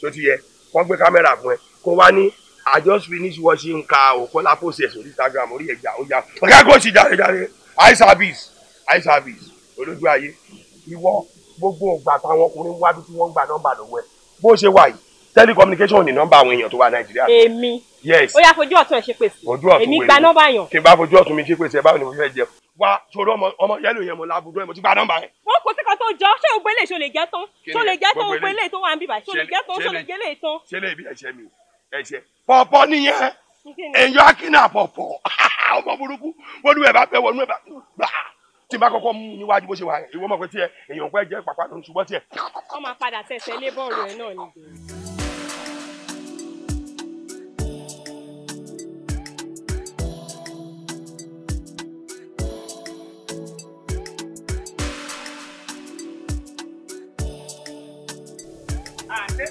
tó ti yẹ kó gbé kámẹ́rà fún ẹ kó wá ní i just finish watching ka òkọ́lá process orí instagram orí ẹ̀jà ọjà ọ̀gá kò sì jáde jáde eye service eye service olójú ayé ìwọ gbogbo ìgbà táwọn ọkùnrin wá bí tí wọ́n gba nọ́mbà lọ́wọ́ ẹ bó ṣe wà yìí telecommunication ni nọ́mbà àwọn èèyàn tó wà nàìjíríà. èmi yes ó yá fojú ọ̀tún ẹ̀ ṣe pèsè fojú ọ̀tún èmi gba nọ́mbà yàn kí n bá fojú ọ̀tún mi ṣe pèsè báwo ni mo fẹ́ jẹ wá sórí ọmọ ọmọ yẹlò yẹn mo lábùdó yẹn mo ti gba nọ́mbà yẹn. wọn kò sí kan tó jọ ṣé ògbélé ṣo lè jẹ tán ṣo lè jẹ tán ògbélé tó wà ń bíbà ṣo lè jẹ tán ṣo lè jẹ lè tán. ṣe lè bí ẹsẹ mi ẹsẹ pọpọ nìyẹn èèyàn akínà pọpọ ọmọ burúkú wọnú ẹ bá fẹ wọnú ẹ bá gbà tí n bá kọ́kọ́ mú níwájú bó ṣe wà yẹn ìwọ mọ̀ pé tiẹ̀ èèyàn kọ́ ẹ jẹ́ pàpà lónìí ṣùgbọ́n tiẹ̀. wọ́n máa padà tẹ̀sẹ̀ lé bọ́ọ̀lù ẹ̀ náà nìyẹn. àṣẹ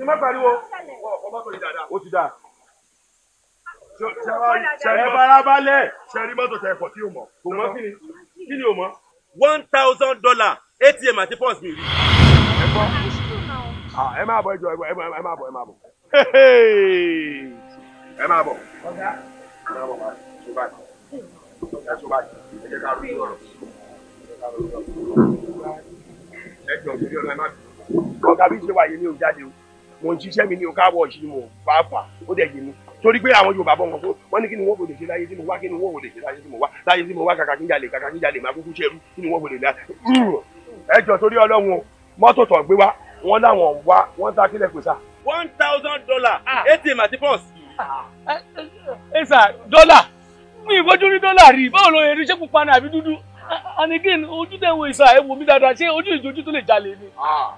ìmọ̀ pariwo, ọkọ̀ mọ́tò yìí dáadáa. Ó ti dáa ṣẹ̀rí barabalẹ̀ ṣẹ̀rí mọ́tò tẹ̀ ẹ̀kọ́ tí o mọ̀ kò mọ́ kí ni kí ni o mọ̀. one thousand dollar atm àti pọ́s mi rí. ẹ gbọ́ ah, ẹ máa bọ̀ ẹ jọ ẹ máa bọ̀ ẹ máa bọ̀ ẹ máa bọ̀ ẹ máa bọ̀ ṣe bí ṣe wà ni ò jáde o mo ń ṣiṣẹ́ mi ní o káwọ̀ ṣì mo fàáfàá ó dẹ̀ yé mi torí pé àwọn Yorùbá bọ̀ wọn fún wọn ní kí ni wọn kò lè ṣe láyé tí mo wá kí ni wọn kò lè ṣe láyé tí mo wá láyé tí mo wá kàkà kí n jalè kàkà kí n jalè máa kúkú ṣerú kí ni wọn kò lè la ẹ jọ torí Ọlọ́run mọ́tò tó gbé wá wọn láwọn wá wọn ta kílẹ̀ pèsè. one thousand dollar ah. atm àti pọ́s. ẹ sà dọ́là mi ìwọ́jú ní dọ́là rí báwo ló rí ṣé pupa ni àbí dúdú ah, and again ojú tẹ̀ wo ìsà ẹ̀ wò mí dáadáa ṣé ojú ìjojú tó lè jalè ni.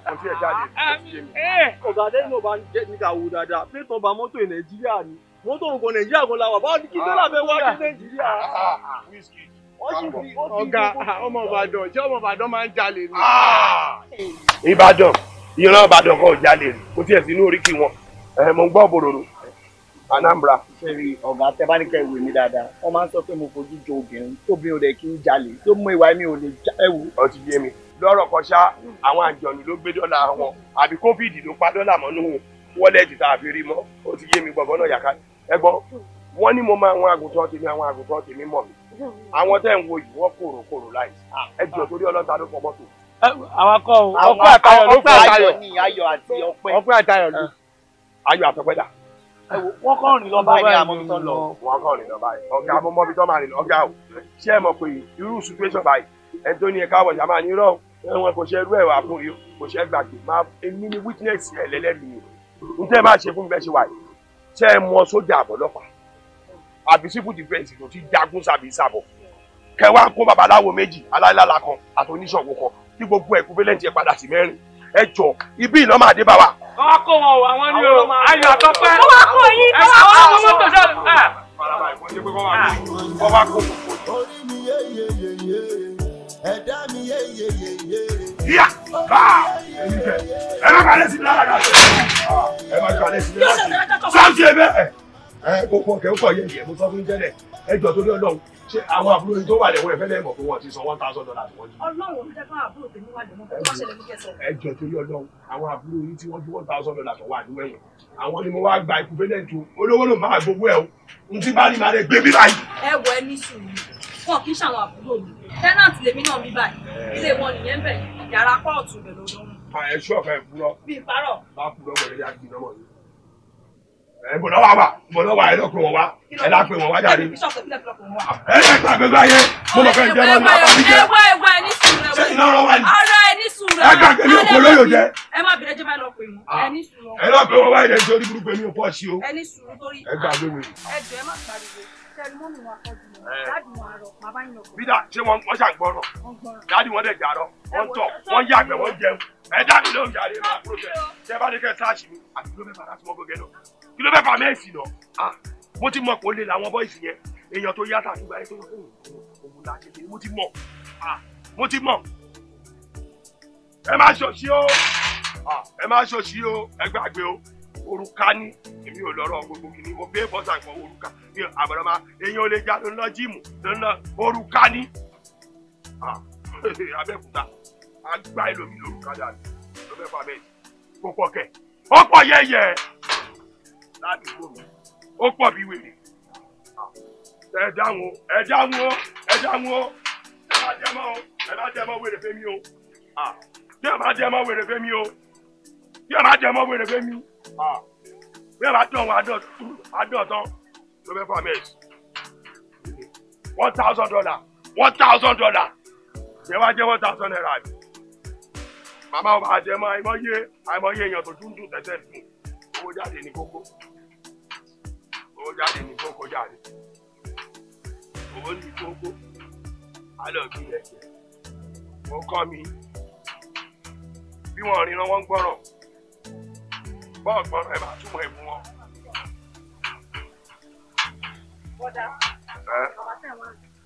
kò tí ẹ̀ jalè. Ah, eh. ọ̀gá àdéhùn ọba nígbà wo dáadáa pé tọba mọ́tò nàìjíríà ni. mo tó nǹkan nàìjíríà kan làwà báwo ni kí dọ́là bẹ wá sí nàìjíríà. ọ̀gá ah, ọmọ ìbàdàn jẹ́ ọmọ ìbàdàn máa ń jalè ni. ìbàdàn ah. ìran ìbàdàn kan ò jalè rí kò tiẹ̀ sínú oríkì wọn mo gbọ́ bòròrò anambra. sẹ́rí ọ̀gá tẹ́bánikẹ́ ìwé mi dáadáa wọ́n máa ń sọ pé mo fojú jo obìnrin tóbìnrin ò kí n jalè tó mú ìwà mi ò lè já ẹ̀wù. ti yé mi lọ́rọ̀ kan àwọn àjọyìn ló gbé dọ́là wọn àbí covid ló pa dọ́là mọ́nú wọ́lẹ̀tì tá a fi rí mọ́ ó ti yé mi gbọ̀ngàn náà ẹ gbọ́ wọ́n ní mo máa wọn àgùntàn tèmi àwọn àgùntàn tèmi mọ̀ mi àwọn tẹ́ ń wo yìí wọ́n kòrò kòrò láì ẹ jọ torí ọlọ́ta ló fọwọ́ tó. àwọn akọ ọpẹ àtayọ ló fọ ayọ̀ ni ayọ̀ àti ọpẹ ọpẹ àtayọ ló ayọ̀ àtọpẹ dà. wọ́n kàn rìn lọ báyìí àmọ́ mi tán lọ. wọ́n kàn rìn lọ báyìí ọ̀gá mo mọ̀ bí tọ́ máa rìn ọ̀gá o ṣé ẹ mọ̀ pé irú situation báyìí ẹ tó ní ẹ káwọ̀ ṣá máa ní rọ wọn kò ṣe irú ẹ̀ wá fún yìí kò ṣe gbàgbé máa èmi ni witness ẹ̀ lẹ́lẹ́rìí n tẹ́ máa ṣe fún mi bẹ́ẹ̀ ṣe wà yìí ṣé ẹ mọ sójà àbọ̀lọ́pàá àbí civil defence tó ti jagun sàbí sàbọ̀ kẹwàá kó babaláwo méjì aláìlála kan àti oníṣọ̀wọ́ kan tí gbogbo ẹ̀kú bẹ́lẹ̀ntì ẹ padà sí mẹ́rin ẹ jọ ibi ìlọ́mọ àdébà wa. ọwọ́ kó wọn o àwọn ni o ayọ̀ àtọ́pẹ́. ọwọ́ kó yín ọwọ́ kó wọn mọ́ tọ́jú. ọwọ́ kó wọn yá bá ah! sí mi lára dàtẹ ẹ má sí mi lára dàtẹ sáńtì ẹ bẹ́ẹ̀ ẹ kókó kẹ́ ń kọ̀ yẹ ìyẹ̀mú sọ fún tẹ́lẹ̀ ẹ torí Ọlọ́run ṣé àwọn àbúrò yìí tó wà lẹ́wọ́ ẹ̀fẹ́ lẹ́mọ̀ pé wọ́n ti san one thousand dollars wọ́n jù. Ọlọ́run mi dẹ́gbọ́n àbúrò tèmi wà lẹ́mọ̀ tó wá ṣẹlẹ̀ ní kẹsàn. ẹ jọ torí Ọlọ́run àwọn àbúrò yìí tí wọ́n ju one thousand dollars wà ní wẹ̀wẹ̀ àwọn ni mo yàrá kóòtù rẹ̀ ló lóhùn. ẹ ṣú ọ̀fẹ́ ìpúrọ̀. bí ìparọ̀. bá kúrọ̀ wẹ̀rẹ̀ yá náà mọ̀ ẹ bọ̀dọ̀ wà wà bọ̀dọ̀ wà ẹ lọ pé wá ẹ pé wọn wá jáde. ẹ lè gbà gbẹgbẹ ayé mo mọ̀ fẹ́ jẹ́ wọn náà bá mi jẹ́. ẹwà ẹwà ẹni sùúrù ẹwà ẹni sùúrù ara ẹni sùúrù ẹwà ẹgbàgbé mi òkú olóyò jẹ. ẹ má bẹ̀rẹ̀ jẹ́ má lọ pé bídà ṣé wọn wọn ṣàgbọràn dáàdì wọn dẹ jàrọ wọn tọ wọn yàgbẹ́ wọn jẹun ẹ dáàdì lóhùn jàre máa kúrò jẹ ṣé bá ní kẹ sáàṣì mi àti kí ló fẹ́ fà láti mọ́ gẹ́gẹ́ lọ kí ló fẹ́ fà mẹ́sì lọ mo ti mọ̀ pé ó lè làwọn bọ́ìsì yẹn èèyàn tó yàtà nígbà yẹn tó yọ òun là kékeré mo ti mọ̀ mo ti mọ̀ ẹ má ṣòṣì o ẹ má ṣòṣì o ẹ gbàgbé o òrùka ní èmi ò lọ́rọ̀ gbogbo kìíní mo bẹ́ẹ̀ bọ́sà ìfọ̀ òrùka ní àbọ̀dọ́mà èèyàn ò lè já lọ́nà jíìmù lọ́nà òrùka ní. *laughs* abẹ́kúta agbá ẹlòmí lórúkà dàbí lọ́fẹ́ fàbẹ́ kó pọ̀ kẹ̀ ó pọ̀ yẹ́yẹ́ láti gbòòrò ó pọ̀ bí wèrè ẹ dáhùn ẹ dáhùn ó ẹ dáhùn ó ẹ má jẹ́ mọ́ ẹ má jẹ́ mọ́ wèrè fẹ́mi o tí ẹ má jẹ́ wèrè fẹ́mi o tí ẹ má jẹ́ wèrè fẹ́mi o. Ah, we have a bá dán wọn adán tán ló fẹ́ fà mí ẹ̀ one thousand dollar one thousand dollar ṣé wàá jẹ́ one thousand naira bi màmá ọba àjẹmọ àìmọye àìmọye èèyàn tó dúndùn tẹsẹ̀ dùn owó jáde ní kókó owó jáde ní kókó jáde owó ní kókó alẹ́ òbí yes. jẹ́ ó kọ́ mi want to know one gbọ́ràn bọ́ọ̀ gbọ́dọ̀ ẹ̀ máa túmọ̀ ẹ̀ mú wọn.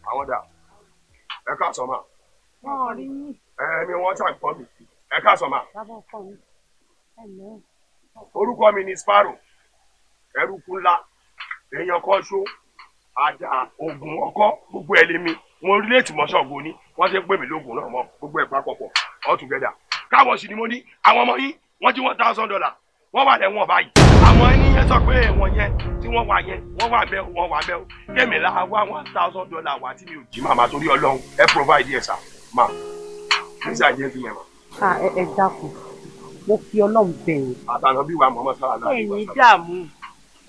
àwọn dà ẹ ká sọ ma. ẹ mi wọ́n ṣàn pọ̀ mi ẹ ká sọ ma. orúkọ mi ni Sparrow ẹrúkú ńlá èèyàn kan ṣó àdá oògùn ọkọ gbogbo ẹ lé mi wọn rí léètì mọ ṣọọbù ni wọn ti ń pè mí lóògùn náà mọ gbogbo ẹ pápọ̀ pọ̀ all together káwọ sí ni mo ní àwọn ọmọ yín wọn jí one thousand dollar wọ́n wà lẹ́wọ̀n báyìí àwọn ènìyàn sọ pé ẹ̀wọ̀n yẹn tí wọ́n wà yẹn wọ́n wà bẹ́ẹ̀ wọ́n wà bẹ́ẹ̀ kémi la wá one thousand dollar wá tí mi ò jí màmá torí ọlọ́run ẹ provide ẹ sà má please and gentlemen. ká ẹ ẹ dákun mo fi ọlọ́run bẹ̀rẹ̀. àtàlọ́ bí wàá mọ̀mọ́ sára náà. ẹ̀yin dààmú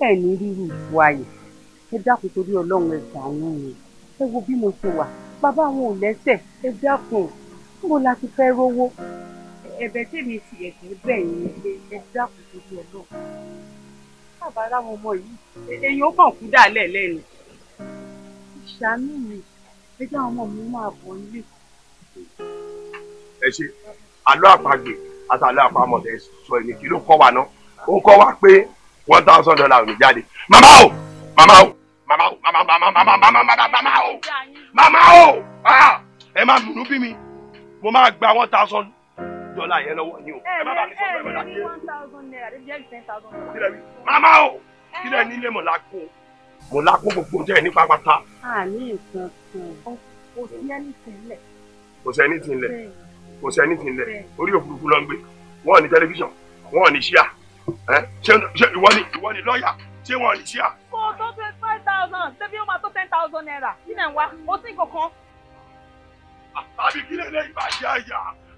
ẹ̀yin rírú ìfọ ayé ẹ dákun torí ọlọ́run ẹ gbà wọ́n mi ẹ wo bí mo ṣe wà bàbá wọn ò lẹ́sẹ̀ ẹ dákun mo la ti fẹ́ rówó ẹ̀bẹ̀ tèmi fi ẹ̀gbẹ́ bẹ̀ yín pé ẹ dákun gbogbo ẹ̀ náà bàbá aráwọ̀ ọmọ yìí èèyàn ó kàn kú dàlẹ̀ lẹ́nu ìṣàánú mi ẹ jẹ́ àwọn ọmọ mi máa bọ̀ nílé. ẹ ṣe àlọ́ àpagbè àti àlọ́ àpamọ̀ sọ èmi kí ló kọ́ wa náà ó kọ́ wa pé one thousand dollar ò ní jáde màmá o màmá o màmá o màmá màmá màmá màmá màmá màmá o màmá o ẹ má múnú bí mi mo máa gba one thousand dọ́là yẹn lọ́wọ́ ni o. Eh, ẹ eh, ẹ ẹ lè eh, ní one thousand naira lè jẹ́ ten thousand naira. mama o kílẹ̀ nílé mọ̀ lákó mọ̀ lákó gbogbo jẹ́ ní pápátá. a ní nǹkan kan kò sí ẹni tí ń lẹ̀. kò sí ẹni tí ń lẹ̀ kò sí ẹni tí ń lẹ̀ orí òfurufú ló ń gbé wọn ò ní tẹlifíṣàn wọn ò ní ṣíà ṣé ìwọ ni ìwọ ni lọ́ọ̀yà ṣé wọn ò ní ṣíà. kò tó fẹ́ five thousand ṣé bí ó máa tó ten thousand naira sílẹ̀ ń wá ó sì kọ̀ọ̀kan. àbí kílẹ̀ lẹ́yìn bá yá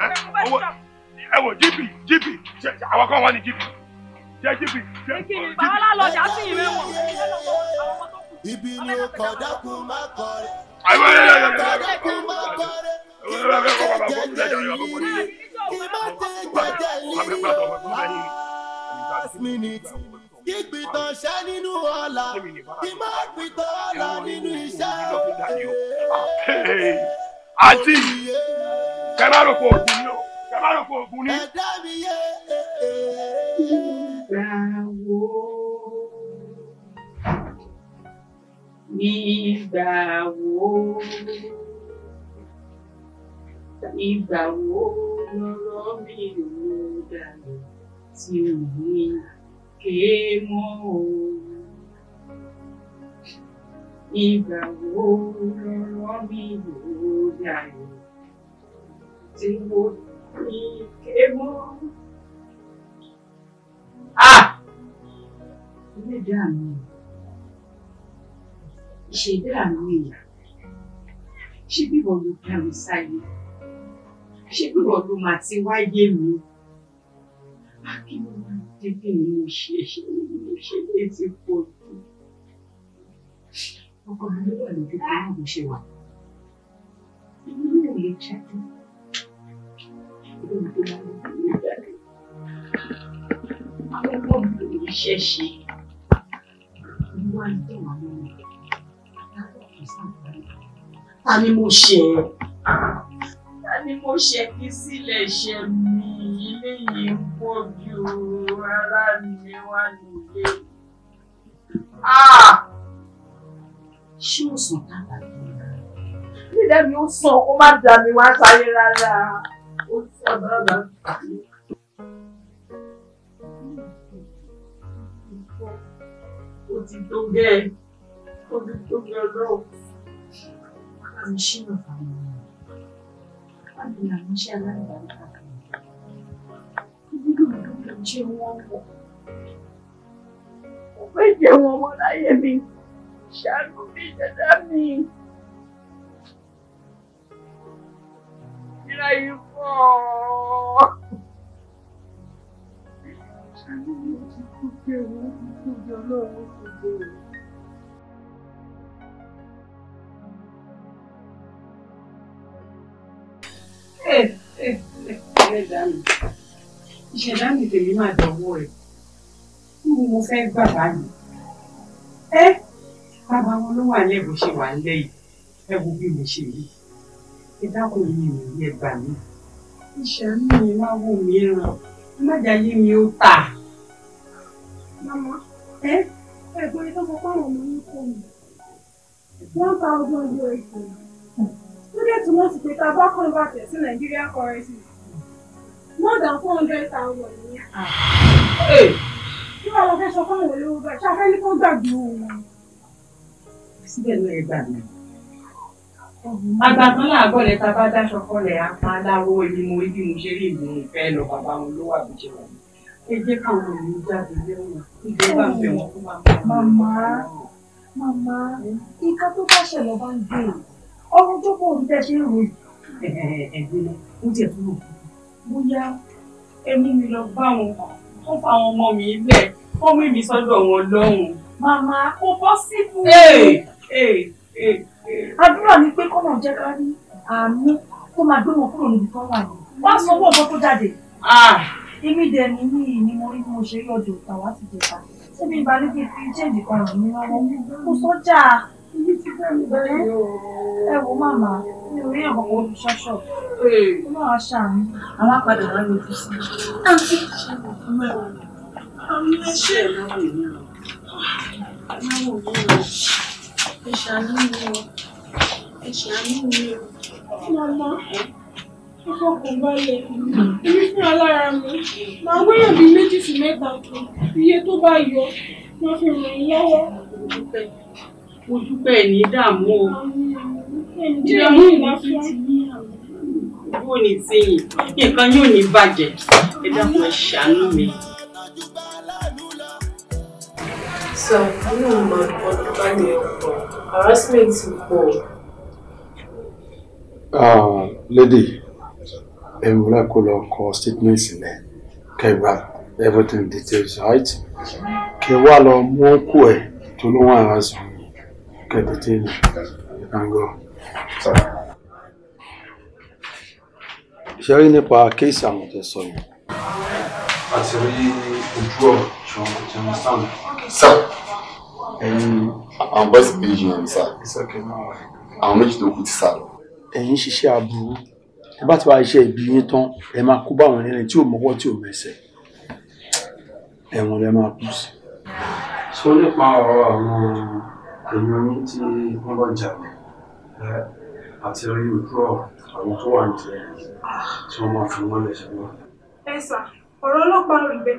ẹ wò jíìpì jíìpì àwọn kan wà ní jíìpì jẹ jíìpì. bàbá lálọ ṣáà sì rẹ wọn. ibi ni o kọ̀ dákun má kọ̀ rẹ̀. àìwọ̀ ẹ̀ ẹ̀ ẹ̀ ẹ̀ dákun má kọ̀ rẹ̀. ìmọ̀ tẹ jẹjẹ yìí ìmọ̀ tẹ jẹjẹ yìí last minute ìgbìtàn ṣẹ́ nínú ọ̀la ìmọ̀ ìgbìtàn ọ̀la nínú iṣẹ́ àǹtí kẹ má rò pé oògùn ni o kẹ má rò pé Nígbà wo ìgbà wo lọ́rọ̀ mi ò dànù tí ò ní ké òun ìgbà wo lọ́rọ́ mi yóò dàrú tí mo ní ké mọ́. ilé dáa mi ìṣẹ̀dá mi ìyá ṣé bíbọ̀ ló dá mi sáyé ṣé bíbọ̀ ló máa ti wáyé mi akínú máa ń dé bí mo ṣe ṣe mo ṣe lè ti pọ̀ ọkọ mi ló wà lójú kan náà mo ṣe wà inú mi ò lè ṣáájú ìdókòwò tó bá lọ sí ìdájọ àwọn ọmọ mi ò lè ṣe ṣe mo wá ń ta ni mo ṣe é ta ni mo ṣe kí sílẹ̀ ṣe mi eléyìí ń pọ̀ ju ara mi wá nílé. Ah! ṣé ó sàn tábà tó rà nílẹ̀ mi ó sàn kó má dà mí wá sáyé rárá ó sàn rárá. ó ti tó gẹ́ ẹ ó ti tó gẹ́ ọlọ́run àmì ṣínà fàmì àmì àmì ṣe wọn mọ̀ ọ̀pẹ́ jẹ́ wọn mọ́ láyé mi ṣàánú mi dẹ́dá mi. Ìlà yìí pọ̀. Ṣàánú mi ti kú pé òun kú jọ lọ́wọ́ kò dé. Ìṣẹ̀dá mi tèmi máa dọ̀wọ́ ẹ̀. Kí ni mo fẹ́ gbà bàbá wọn ló wà nílẹ̀ bó ṣe wà nílẹ̀ yìí ẹ wo bí mo ṣe yìí ẹ dákun mi ò yẹ gbà mí ìṣàánú mi wá wò mí ràn májàyé mi ó tà. màmá ẹ ẹ̀gbọ́n tó kọ pààrọ̀ mọ́ ní kò mí wọ́n ta ọdún ọjọ́ ìfẹ́ lóde tí wọ́n ti pè ta bá convert sí Nigeria currency more than four hundred thousand ní. Ah. kí wàá lọ fẹ́ sọ fún àwọn olówó bẹ́ẹ̀ ṣáfẹ́ ní kó gbàgbé òun síbẹ̀ ló rí gbà mí. àgbà kan láàgọ́ rẹ̀ ta bá dáṣọ kọlẹ̀ apá aláwọ̀ ibi mo ibi mo ṣe rí ìlú ìfẹ́ lọ bàbá wọn ló wà bí jẹ wọn. ẹ jẹ́ káwọn èèyàn jáde lẹ́wọ̀n ìgbẹ́ bá ń bẹ̀ wọ́n fún màmá. màmá ìka tó bá ṣẹlẹ̀ bá ń gbé ọrùn tó bọ̀ òun tẹ́ ṣe ń ròyìn. ẹ̀ẹ́dẹ́gbẹ́ ó jẹ̀ tó rò bóyá ẹ̀mí mi lọ bá wọn tó fa àwọn ọmọ mi lẹ̀ fọ́mù mi wọn lọ́hùn màmá kò bọ́ síbú. Eh, eh, eh. àdúrà ni pé kọ́nà jẹ́ ká rí àánú tó máa gbé wọn kúrò níbi tó wà ní wọ́n sọ owó ọ̀gbọ́n tó jáde. Ah. èmi dẹ̀ ni mí ni mo rí bí mo ṣe rí ọjọ́ ìta wá ti jẹta síbi ìbálẹ̀ bíi fi jẹ́ǹdì kan ràn mí lọ́wọ́ kó sọ́jà ẹ wo màmá mi ò rí ẹ̀kọ́ kó fi ṣọ́ṣọ́ ó máa wá ṣàánú. àwọn apàdé wá ní ojú sí i. àǹtí àwọn ẹṣẹ́ ẹ̀ máa wò ní ọ̀rọ̀ ah, máa wò ní ọ̀rọ̀ ẹ ṣàánú mi o ẹ ṣàánú mi o màmá ẹ fọkàn balẹ̀ èmi fún alára mi màá wéyàn bíi méjì sí mẹ́ta kan iye tó bá yọ máa fi ràn yín lọ́wọ́. mo dúpẹ́ ẹ̀ ní dààmú o ìdààmú ìlàfíà owó ní tiyín nǹkan yóò ní bàjẹ́ ẹ dákun ẹ ṣàánú mi sọ inú ìmọ̀ ọdún bá mi ọ̀pọ̀ harassment pọ̀. Ah, lady ẹ múra kó lọ kọ statement sílẹ̀ kẹgbà everything details right kẹ wá lọ mú òkú ẹ tó ló wà lásán kẹ tètè ní ìdángọ. ṣe rí nípa kéèsì àwọn tẹ̀sán yìí. àti rí ojú ọ̀rọ̀ ṣọ̀rọ̀ tí wọ́n sáwọn sir ẹ̀yin àwọn bọ́ọ̀sì méjì yẹn sir àwọn méjì tó kù ti sá lọ. ẹ̀yin ṣiṣẹ́ aburú ẹ bá ti wá iṣẹ́ ibi yín tán a máa kó bá àwọn ẹlẹ́ni tí ò mọ́wọ́ tí ò mẹ́sẹ̀ ẹ̀wọ̀n lẹ máa kú sí. sọ nípa ọ̀rọ̀ àwọn èèyàn yín tí wọ́n lọ jà mí àti rí ojú àwọn tó wà nídìí ẹ̀ tí wọ́n máa fi wọ́n lẹ̀ ṣe wọ́n. ẹ sà ọ̀rọ̀ ọlọ́pàá olùgbé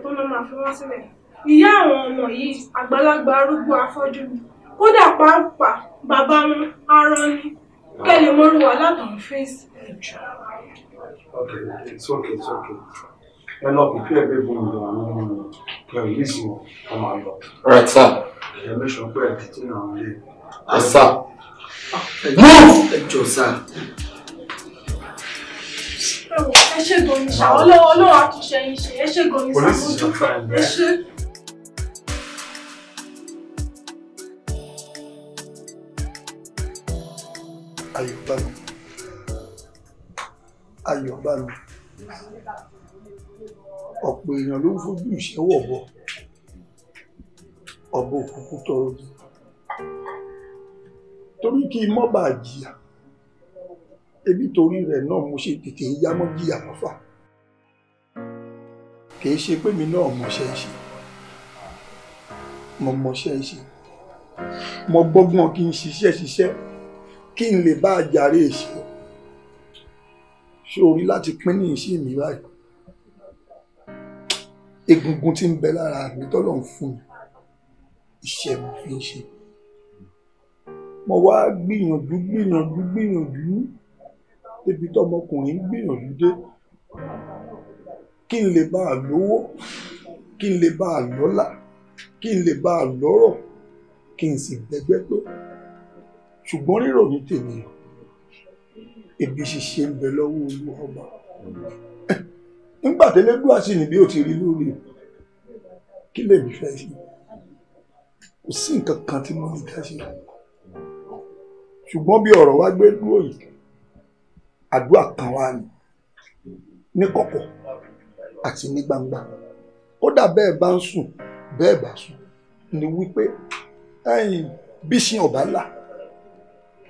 ìyá àwọn ọmọ yìí àgbàlagbà arúgbó afọ́jú ni kódà pàápàá bàbá wọn arán ni kẹ́lẹ̀ mọ́rú wa látọ̀hún fèsì. Okay, it's okay, it's okay. Ẹ lọ pípẹ́ ẹgbẹ́ bọ́ọ̀lù àwọn ọmọ mi kí ẹ lè sìn máa lọ. Right, Ẹ mẹ́sàn-án pé ẹ̀ tètè náà lè. Àṣà. Move! Ẹ jọ sá. Ẹ ṣe gan ọlọ́run àtúnṣe yín ṣe. Ẹ ṣe gan ẹ ṣe. Eh? Ayọ̀bámi Ayọ̀bámi ọ̀pọ̀ èèyàn ló ń fojú ìṣẹ́wọ̀ bọ̀ ọ̀bọ òkùnkùn tọrọ jù torí kí n mọ́ bàa jìyà ebi torí rẹ̀ náà mo ṣe tètè ń yámọ́ jìyà lọ́fà kì í ṣe pé mi náà mọṣẹ́ ṣe mo mọṣẹ́ ṣe mo gbọ́gbọ́n kí n ṣiṣẹ́ ṣiṣẹ́ kí n lè bá a jàre èṣù ṣé o láti pín ní ìṣí mi báyìí egungun tí ń bẹ lára mi tọ́lọ̀ ń fún mi iṣẹ́ mi fi ń ṣe mo wá gbìyànjú gbìyànjú gbìyànjú débi tọmọkùnrin gbìyànjú dé kí n lè bá a lówó kí n lè bá a lọ́lá kí n lè bá a lọ́rọ̀ kí n sì bẹ́gbẹ́ pé ṣùgbọ́n rírò ní tèmi ebi ṣiṣẹ́ ń bẹ lọ́wọ́ olú ọba nígbà tẹ́lẹ̀ sí ni bí ó ti rí lórí kí lèmi fẹ́ ṣe kò sí nǹkan kan tí mo lè dá ṣe ṣùgbọ́n bí ọ̀rọ̀ wa gbé dúró yìí àdúrà kan wá ni níkọ̀kọ̀ àti ní gbangba kódà bẹ́ẹ̀ bá ń sùn bẹ́ẹ̀ bá sùn ni wípé ẹ̀yìn bí ṣe ọ̀bá là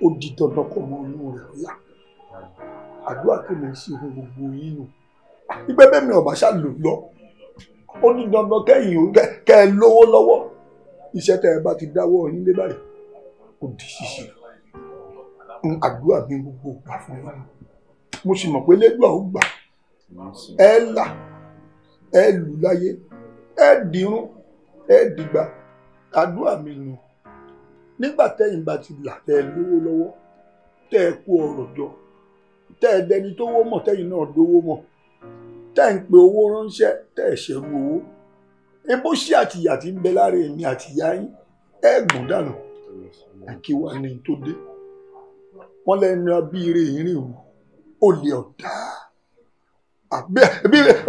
ó di dandan kọ mọ inú rẹ̀ ọ̀la àdúrà tó lè ṣe fún gbogbo yín nù ìgbẹ́ bẹ́ẹ̀ mi ọ̀bà ṣàlù lọ ó ní dandan kẹ́yìn ó kẹ́ ẹ lówó lọ́wọ́ iṣẹ́ tẹ́ ẹ bá ti dáwọ́ yín lé báyìí ó di ṣíṣe àdúrà mi gbogbo gbà fún yín mo sì mọ̀ pé lẹ́dùn àwọn gbà ẹ là ẹ lù láyé ẹ dìrún ẹ dìgbà àdúrà mi nù nígbà tẹ́yìn bá ti là tẹ́ ẹ lówó lọ́wọ́ tẹ́ ẹ kó ọrọ̀ jọ tẹ́ ẹ dẹni tó wó mọ̀ tẹ́yìn náà dówó mọ̀ tẹ́ ẹ ń pe owó ránṣẹ́ tẹ́ ẹ ṣerú owó ebó ṣí àtìyà tí ń bẹ lára èmi àtìyá yín ẹ gbọ̀n dànù kí wàá ní tó dé wọ́n lẹ́nu abíire ìrìn òun olè ọ̀tá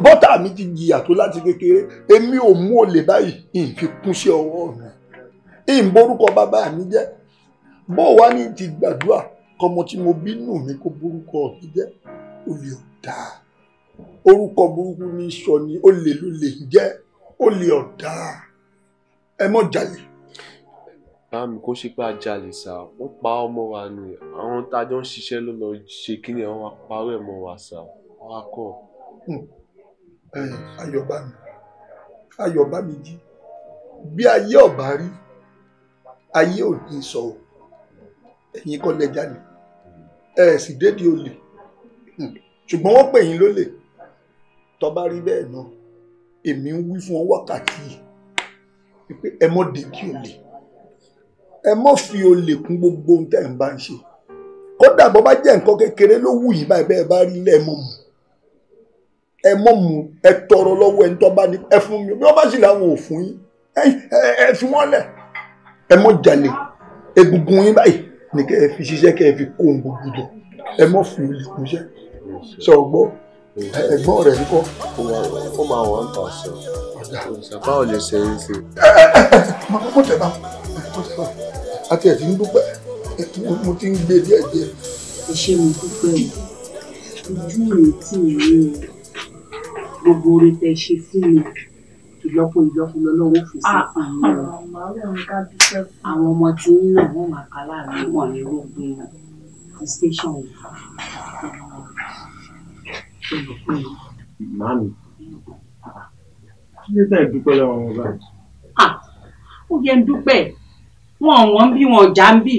bọ́tà mi ti jìyà tó láti kékeré èmi ò mú olè báyìí ìfikúnṣẹ́ ọwọ́ mi ìborúkọ bàbá mi jẹ́ bó wá ní ti gbàdúrà kọmọ tí mo bí nù mí kó borúkọ mi jẹ́ olè ọ̀dà orúkọ burúkú ní sọ ni olè ló lè jẹ́ olè ọ̀dà ẹ mọ̀ jalè. báàmì kó ṣe pé a jalè sá wọn pa ọmọ wa ni àwọn tájọ ń ṣiṣẹ́ ló lọ ṣe kí ni àwọn apárọ ẹ mọ wa sá wọn á kọ. Hmm. ayọ̀bá mi ayọ̀bá mi jí bí ayé ọ̀bá rí ayé ò ní sọ o ẹ̀yin kọ́ lẹ jalè ẹ sì dédi olè hmm. ṣùgbọ́n wọ́n pè yín lólè tó bá rí bẹ́ẹ̀ náà èmi ń wí fún ọ wákàtí pé ẹ mọ́ dédi olè ẹ mọ́ fi olè kún gbogbo ohun tẹ́ ẹ̀ ń bá ń ṣe kódà bó bá jẹ́ nǹkan kékeré ló wù yín báyìí bẹ́ẹ̀ bá rí lẹ́ẹ̀ mọ́ mu ẹ mọ̀ mú ẹ tọrọ lọ́wọ́ ẹ ń tọ́ bá ẹ fún mi bí wọ́n bá sì láwọn ò fún yín ẹ fi wọ́n lẹ̀ ẹ mọ jalè egungun yín báyìí ni kẹ ẹ fi ṣiṣẹ́ kẹ ẹ fi kó ohun gbogbo jọ ẹ mọ fi olè kúṣẹ sọgbọ ẹ̀gbọ́n rẹ ńkọ́. ó máa wọ ń tàn sí ọ báwo lè ṣe é ṣe. ẹ ẹ ẹ mo tẹ bá mo tẹ bá àti ẹ ti ń dúpẹ́ mo ti ń gbé díẹ̀ díẹ̀. iṣẹ́ mi dúpẹ́ o ojú mi tì í rí o gbogbo orí tẹ ṣe fún mi ìlọ́po ìlọ́po lọ́wọ́ fi sí fún yín ah, o. Ah, àwọn ọmọ tí ń náà wọ́n máa kà láàrin wọn ní rògbìn ní station yìí. Màámi, kí ló dé ìdúpẹ́ lọ́wọ́ wọn báyìí? Ah, ó yẹ ń dúpẹ́, wọn wọ́n bí wọn jà ń bì.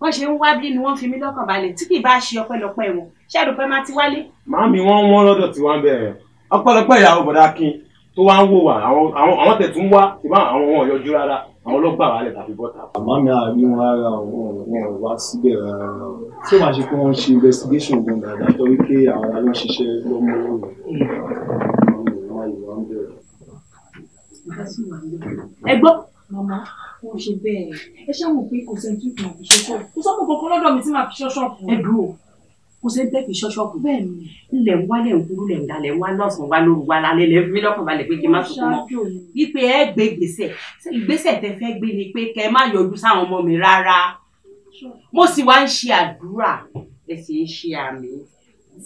Wọ́n ṣe ń wábí ni wọ́n fi mí lọ́kàn balẹ̀ tí kì í bá ṣe ọpẹ́lọpẹ́ wọn. Ṣé àdùpẹ́ máa ti wálé? Màámi, wọ́n wọ́n lọ́dọ̀ tí wọ́n bẹ̀rẹ̀. Ọpẹ́lọpẹ́ ìyàwó bọ̀dá Akin tó wá ń wò wá àwọn àwọn tẹ̀ tún wá ìbá àwọn ohun ọ̀yọ́jú rárá àwọn ọlọ́gbà wa lẹ̀ tàbí bọ́ta. àmọ́ mi àá ní wọn rárá wọn ò wá síbẹ̀ rárá tí màá ṣe kí wọ́n ṣe investigation gan dáadáa torí pé àwọn aláṣiṣẹ́ lọ́mọ òun àwọn ìwà ń bẹ̀rẹ̀. ẹ gbọ́ màmá wọn ṣe bẹ́ẹ̀ ẹ ṣáà wò pé kò sẹ́ni tí fi ṣe kò sọ́mù kankan lọ́dọ̀ mi tí màá fi ṣe ṣọ́ọ̀bù. ẹ dùn ó kò sí bẹ́ẹ̀ fi ṣọ́ṣọ́ọ̀bù bẹ́ẹ̀ ni ilẹ̀ ń wálẹ̀ ń burú lẹ̀ ń dalẹ̀ ń wá lọ́sàn-án wá lóru wá lálẹ́ lẹ́ fi mí lọ́kàn balẹ̀ pé kí n má sọ fún mọ́ wípé ẹ gbé gbèsè ìgbésẹ̀ tẹ fẹ́ gbé ni pé kẹ́ má yọjú sáwọn ọmọ mi rárá mo sì wá ń ṣe àdúrà ẹ sì ń ṣe àmì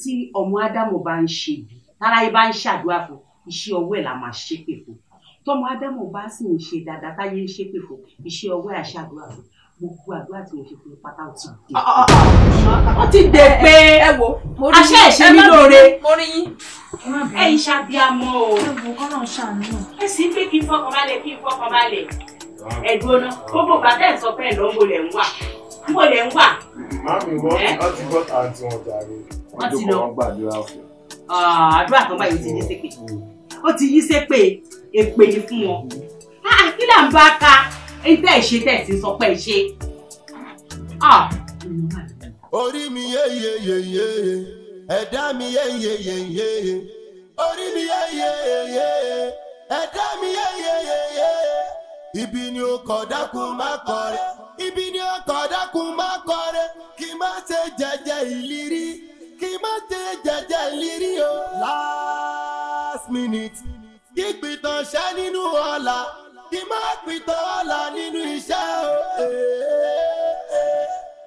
tí ọmọ ádámù bá ń ṣe bí táráyé bá ń ṣàdúrà fún iṣẹ́ ọwọ́ ẹ̀ la máa ṣépè fún tọmọ ádámù bá sì ń ṣe dáadáa táyé ń ṣépè fún iṣẹ́ ọwọ́ ẹ̀ àṣàdúrà fún gbogbo àdúrà tí mo fún pátá ó ti dé. Ah, ah, ah, ó ti dé pé ẹ wo aṣẹ́ ẹ̀ṣẹ́ mi lóore ẹ ìṣe abiyamọ o ẹ sì ń pè kí n fọkànbalẹ̀ kí n fọkànbalẹ̀ ẹ̀dùn ọ̀nà gbogbo bàtà ẹ̀ sọ pé ẹ̀ lẹ̀ ń wà mo lè ń wà. Màmí wọ́n ti gbọ́ àǹtí wọn jàre. Wọ́n ti lọ. gbàdúrà fún. Àdúrà kan báyìí ó ti yí sépè. Mm. Ó ti yí sépè èpè ni fún wọn. Mm-hmm. Kí là ń bá a ka? ìtẹ́ ìṣe tẹ̀ sí sọ pé ìṣe. Ah, orí mi yeyeyeye ẹ̀dá mi yeyeyeye orí mi yeyeyeye ẹ̀dá mi yeyeyeye ibi ni o kọ̀ dákun má kọ̀ ibi ni o kọ̀ dákun má kọ̀ kí má ṣe jẹjẹ ìlírí kí má ṣe jẹjẹ ìlírí o last minute kí gbìtàn ṣẹ́ nínú ọ̀la kí má pin tó nínú iṣẹ́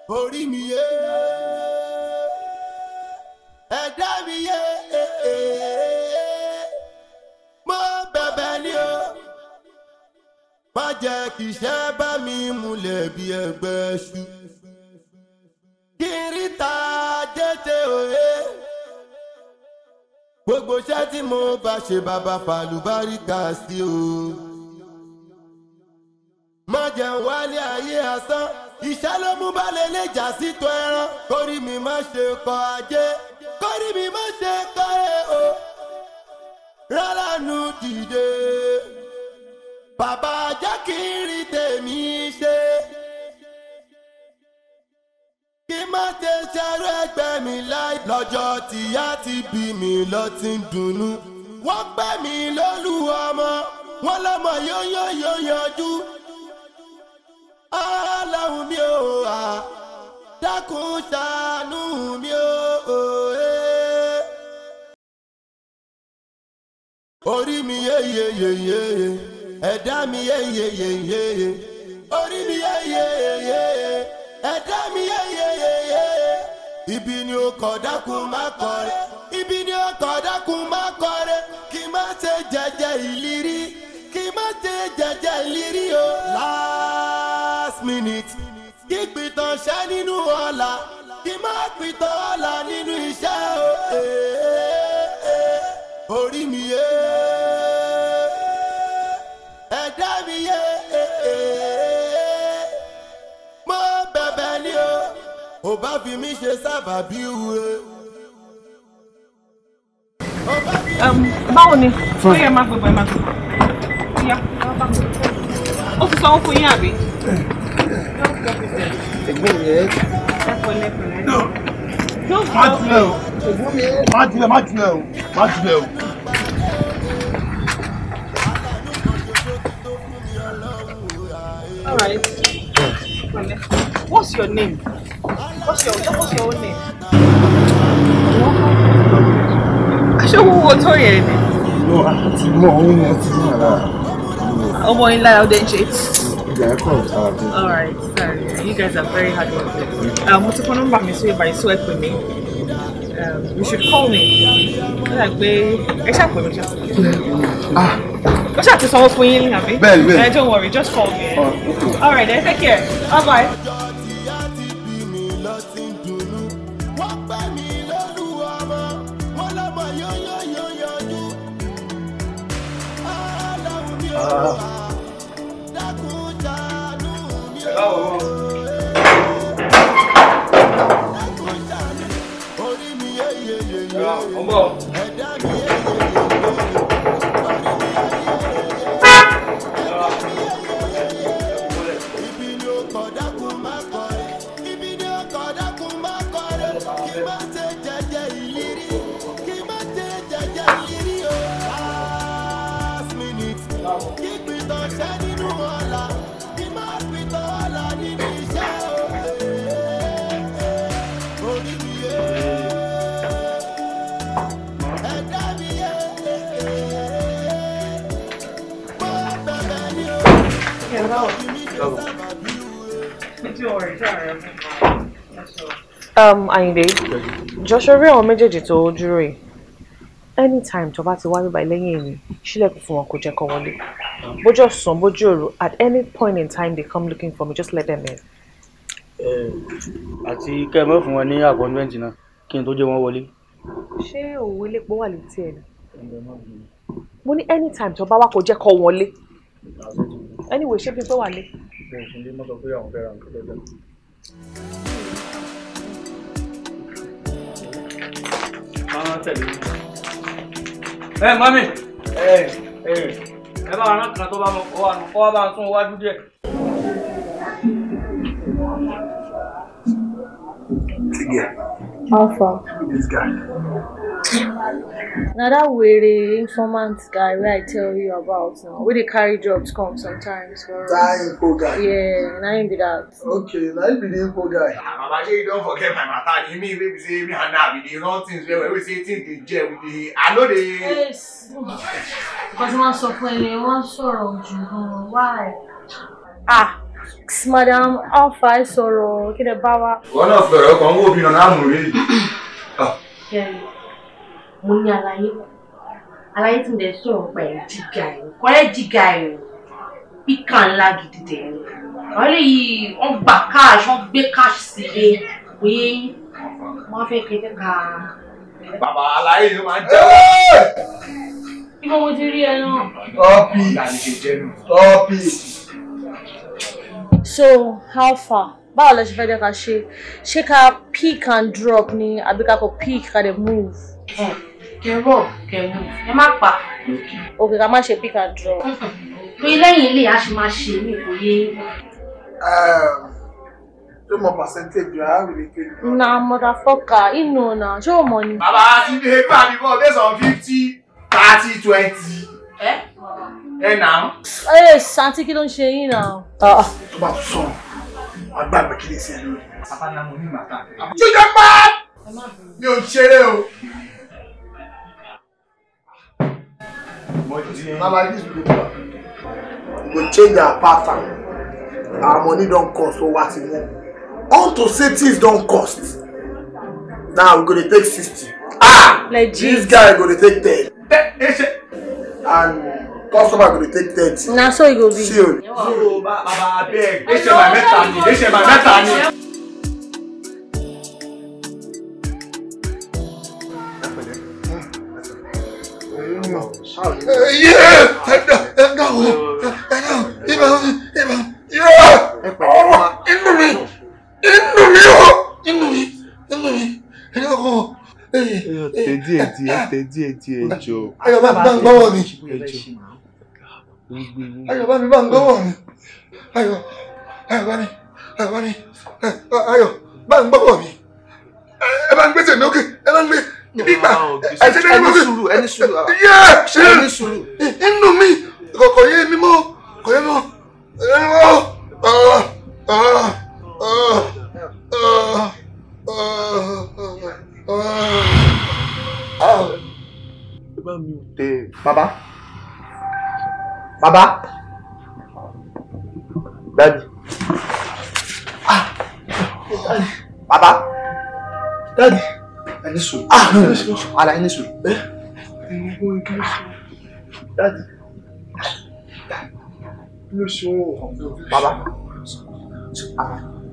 o orí mi yé ẹ̀dá mi yé mo bẹ̀bẹ̀ ni o má jẹ́ kí iṣẹ́ bá mi múlẹ̀ bí ẹgbẹ́ ṣu kíríta jẹ́jẹ́ òye gbogbo iṣẹ́ tí mo bá ṣe bàbá fàlùbáríkà sí o jẹ́ wálé ayé asán ìṣẹ́ ló mú balẹ̀ lè jà síto ẹran kórì mi má ṣe kọ ajé kórì mi má ṣe kọ ẹ o rálànù dìde bàbá jẹ́ kí n rí tèmi ṣe kí má ṣe ṣerú ẹgbẹ́ mi láì lọ́jọ́ tìyá ti bí mi lọ ti ń dunnú wọ́n pẹ́ mi lólu ọmọ wọ́n lọ́mọ yóyó yóyó ojú. alaumio a takusa numio e ori mi ye ye ye ye eda mi ye ye ye ye ori mi ye ye ye ye eda mi ye ye ye ye ibi ni o koda ku ma kore ibi ni o koda ku ma kore ki ma se jaja iliri ki ma se jaja iliri o laa. minute kí pìtàn ṣẹ́ nínú ọ̀la kí má pìtàn ọ̀la nínú iṣẹ́ o orí mi yé ẹ̀dá mi yé mo bẹ̀bẹ̀ ni o ò bá fi mí ṣe sábàbí wúre báwo ni ó yẹ máa gbogbo ẹ máa gbogbo ó ti sanwó fún yín àbí ẹ̀gbọ́n mi ẹ. má jùlẹ o má jùlẹ má jùlẹ o má jùlẹ o. All right. What's your name? What's your what's your own name? Aṣọ wo wo tó yẹ ni? Ìlú àti mọ̀ ọ́n mọ̀ ti mọ̀ lára. Ọmọ yín lára ó dé ń ṣe. Yeah, I called. Uh, all right, sorry. You guys are very hardworking. Um, what's the number? I'm sorry, but it's work with uh, me. Um, you should call me. Like, I shall call you. Ah. What's up? It's all swinging, Abby. Bell, Don't worry, just call me. All right, then, take care. Bye bye. Àyìndé um, jọ̀ṣọ́ rí àwọn méjèèjì tó dúró yìí anytime tó bá ti wá bíbá lẹ́yìn èmi ṣílẹ̀kùn fún wọn kò jẹ́ kó wọlé bójú ọ̀sán bójú òru at any point in time they come looking for me just let them in. Eh, àti kẹ́ ẹ mọ̀ fún wọn ní appointment náà kí n tó jẹ́ wọn wọlé. ṣé òwe lépo wà létí ẹ̀ ni. mo ní anytime tó bá wá kó jẹ́ kó wọlé anyway ṣé bí n pé wà lé. mo sì máa tẹ̀lé mi. ẹ mọ́mí ẹ ẹ ẹ bá ọ̀ràn kan tó bá mọ ọwọ́ àná kọ́ bá ń tún wájú díẹ̀. Tigẹ̀. Alpha. This guy na that were informant guy wey i tell you about now wey dey carry drugs come sometimes for us. that info guy. yeah na him be that. okay na him be the info guy. ah baba shey you don forget my matter the mean wey be say me and na we dey run things well well wey say things dey jẹ we dey i no dey. yes because wọn sọ pé wọn sọ̀rọ̀ jù gan why. ah madam how alfa ẹ sọ̀rọ̀ kí lè bá wa. wọn náà fẹrẹ ọkàn owó obìnrin náà mú rí mo ní àlàyé àlàyé tí mo dẹ̀ sọ̀rọ̀ pa jìgà ẹ̀ kọ́lẹ́ jìgà ẹ̀ píkà ńlá gidi dẹ̀ àwọn eléyìí wọ́n gbà káàṣì wọ́n gbé káàṣì sílé pé wọ́n fẹ́ kéde ká. bàbá àlàyé ló máa ń jẹ́ wọ́n. ibo mo ti rí ẹ náà. tọ́pì tọ́pì. so how far báwo lẹ ṣe fẹ́ jẹ́ ká ṣe ṣé ká pick and drop ni àbí ká kọ pick ká dẹ̀ move kẹ rọ kẹ mú ẹ má pa. òkè ká má ṣe pick and draw. torí lẹ́yìn ilé a ṣe máa ṣe mí kò yé. ṣé mo percentage you á with kéde. na motherfucker you know na o mọ̀ ni. bàbá ti dé gbà mí bọ́ based on fifty thirty twenty. Eh? Eh now? Eh, santi kí ló ń ṣe yín nà. Ah. tó bá tún sọ̀rọ̀ agbára kí ni sí ẹ lórí. bàbá náà mo ní màtá. pa mi ò ṣeré o. na like this people, we change our pattern our money don't cost so what e All to say things don't cost now we gonna take sixty ah like this guy go dey take ten and customer go dey take thirty. Now so e go be. see o. baba abeg ese ma mẹ́ta ni ese ma mẹ́ta ni. lọ. yé ẹ dà ẹ dà o ẹ dà o ibà ibà yé ọwọ́ inú mi inú mi o inú mi inú mi ẹ dà o. tẹ díẹ̀ díẹ̀ tẹ díẹ̀ díẹ̀ jọ. ayọ̀ bá mi bá ń gbọ́wọ́ mi. ayọ̀ bá mi bá ń gbọ́wọ́ mi. ayọ̀ ayọ̀ bá mi ayọ̀ bá mi ayọ̀ bá ń gbọ́wọ́ mi. ẹ bá ń gbé tèmi ókè ẹ bá ń gbé gbígbà ẹsẹ ní ẹni sùúrù ẹni sùúrù ah, ṣe ẹni sùúrù inú mi kò yé mi mọ́ kò yé mọ́ ẹni mọ́ baba baba dadi baba dadi ẹni sùn ara ah, ẹni sùn. bàbá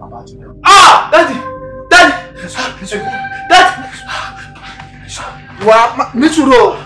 bàbá ti bẹ̀rẹ̀. ah dadi dadi dadi wa nítorí o.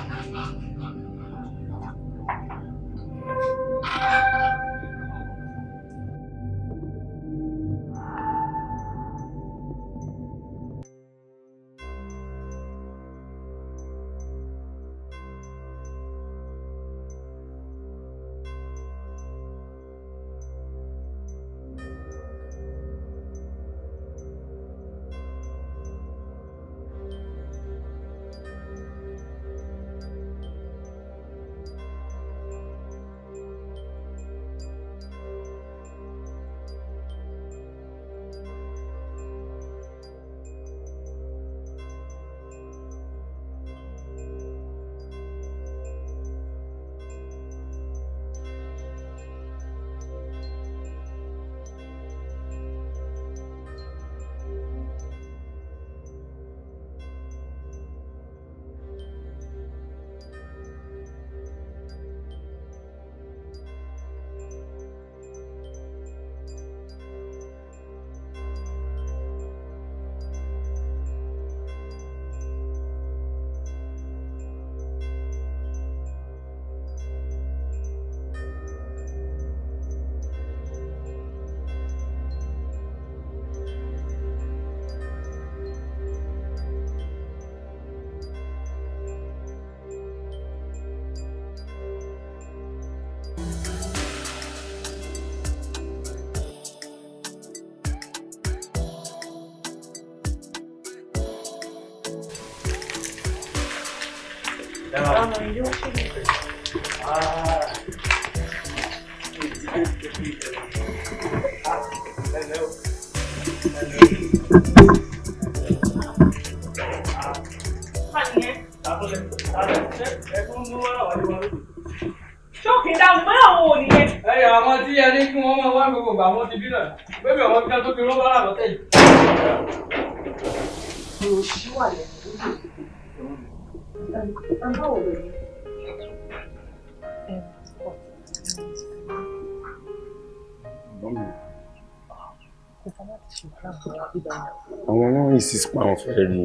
àwọn náà insist pa àwọn fẹ́ rí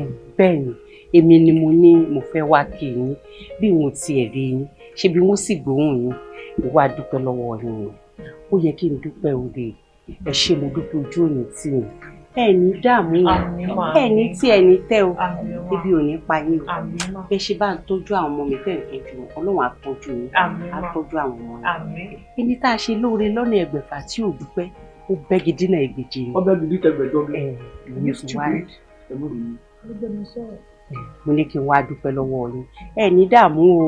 i. bẹ́ẹ̀ ni èmi ni mo ní mo fẹ́ wá kí yín bí wọn tiẹ̀ rí yín ṣe bí wọ́n sì gbóhùn yín ìwà dúpẹ́ lọ́wọ́ yín ó yẹ kí n dúpẹ́ òde ẹ ṣe mo dúpẹ́ ojú òní tì yín ẹni dààmú ẹni tí ẹni tẹ o ibi ò ní pa yín o bẹ ṣe bá ń tọ́jú àwọn ọmọ mi tẹ ń tọ́jú wọn Ọlọ́run á tọ́jú yín á tọ́jú àwọn ọmọ yín ẹni tá a ṣe lóore lọ́nà ẹgbẹ̀fà tí ò dúpẹ́ ó bẹ́gi na ìgbèjì o ọbẹ̀ mi ní kẹgbẹ̀jọ mi. ẹ ẹ ní kí wá mo ní kí n wá dúpẹ́ lọ́wọ́ yín ẹ ní dààmú o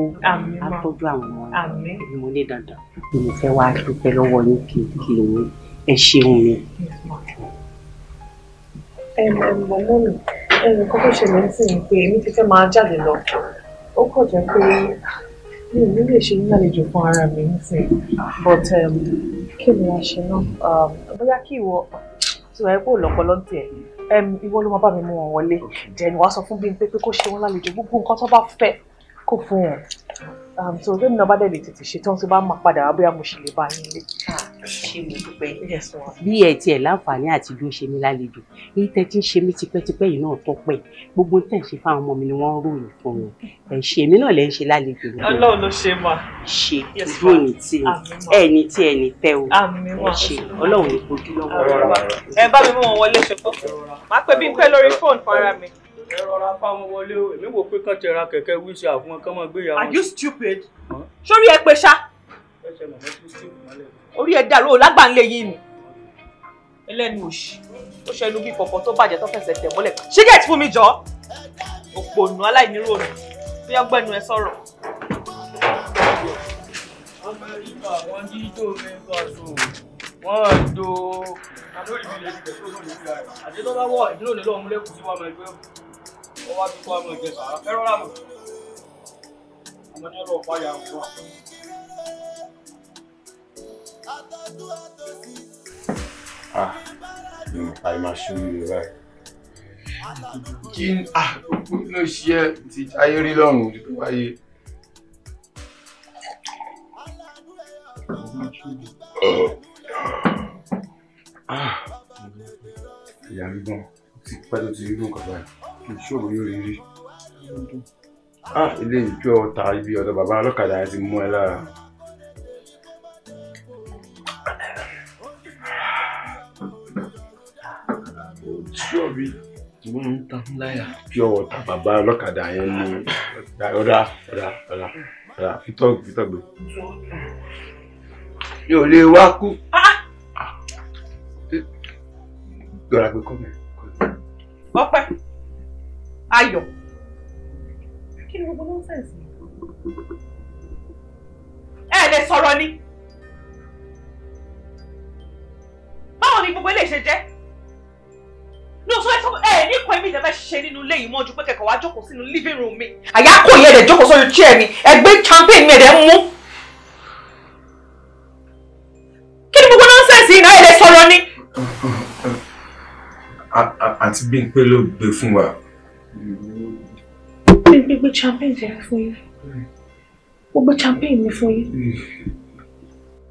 á tọ́jú àwọn ọmọ yín èmi mo ní dandan mo ní fẹ́ wá dúpẹ́ lọ́wọ́ yín kì í kì í ẹ ṣeun ni. ẹ ẹ mọ mọ mi ẹ nǹkan tó ṣẹlẹ̀ ń sìn pé èmi ti fẹ́ máa jáde lọ ó kọ̀ pé mi ò ní lè ṣe nílàlejò fún ara mi nísìn but um, kí ni a ṣe náà um, bóyá kí ìwọ tí wàá pò lọpọlọ ń tẹ um, ìwọ ló máa bá mi mú wọn wọlé jẹ ni wàá sọ fún Bímpé pé kó ṣe wọn lálejò gbogbo nǹkan tó bá fẹ́ kó fún wọn. Um, so lónìí náà bá dẹ̀ lè tètè ṣetán tí bá máa padà wá bóyá mo ṣì lè bá yín lé. Ah, ṣé mo dúpẹ́ bí ẹ tiẹ̀ láǹfààní àti bí ó ṣe mí lálejò èyí tẹ́ ti ń ṣe mí tipẹ́tipẹ́ yìí náà tọ́pẹ́ gbogbo tẹ̀ ṣe fáwọn ọmọ mi ni wọ́n ń ròyìn fún mi ẹ̀ ṣe èmi náà lẹ́ ń ṣe lálejò. ọlọ́run ló ṣe mà. ṣe ìdúró ní tí ẹ ní tí ẹ ní tẹ o ẹ ṣe ọlọ́run ló kojú lọ́wọ́. ẹ bá mi mú wọn wọlé ṣe kó má pẹ́ bí n pẹ́ lórí fóònù fún ara mi rọra fáwọn wọlé o èmi wò pé kàn ti ra kẹ̀kẹ́ wíṣẹ́ àfún kán mọ́ gbéyàwó. are you stupid? sórí ẹ pé ṣá. orí ẹ dàrú o lágbàǹlẹ yìí ni ẹlẹ́nu òṣì ó ṣẹnu bí pọ̀pọ̀ tó bàjẹ́ tó fẹsẹ̀ tẹ̀ mọ́lẹ̀ ṣé gẹ̀ẹ́tì fún mi jọ òpònú aláìníròònù bí ọgbẹ́nu ẹ sọ̀rọ̀. amẹ́ríkà wọn ní tó mẹ́fà so wọ́n do àdóòlù ilé ìgbẹ́ tó lórí rẹ̀ àdétọ́lá wọ̀ ìdúró nílò ọmọlẹ́kùn sí wọn máa gbé ọwọ́ àti kó àmọ̀ ìjẹ sàrà ẹ̀rọ làmọ̀ àmọ́ ní ẹ̀rọ Ah, mi ò pa ìmọ̀ aṣọ́rí rẹ̀ báyìí. Kí ni ah, ló ṣe ẹ́ ti ayé rí lọ́rùn tó Ah, ìyá mi gbọ́n ti pẹ́ tó ti rí nǹkan báyìí kì í ṣòro yóò rí rí. ah ilé ìjọ ọ̀tá ibi ọ̀dọ̀ bàbá ọlọ́kadà ti mú ẹ lára. ojú ọ̀bí wọ́n ń tan láyà. pure water bàbá ọlọ́kadà yẹn ni ọ̀dà ọ̀dà ọ̀dà ọ̀dà fitọ́ fitọ́ gbé. yóò lè wá kú. Ah! Ah! dọ́là pé kọ́mẹ̀ ọpẹ́ ayọ̀ kí ni gbogbo nọ́ọ̀sẹ̀nsì ẹ lè sọ̀rọ̀ ni báwo ni gbogbo eléyìí ṣe jẹ́ ní oṣù ẹ̀sọ́ ẹ̀ ní kan èmi ìjọba ṣe nínú ilé yìí mọ́ pé kẹ̀kọ́ wá jókòó sínú living room mi àyà kò yẹ ẹ̀dẹ̀ jókòó sórí chair mi ẹgbẹ́ champagne mi ẹ̀dẹ̀ ń mú. kí ni gbogbo nọ́ọ̀sẹ̀nsì yìí náà ẹ lè sọ̀rọ̀ ni. Mm, mm, mm àti Bímpé ló gbé fún wa. Bímpé gbé champagne tẹ̀lé fún yín. Ó gbé champagne mi fún yín.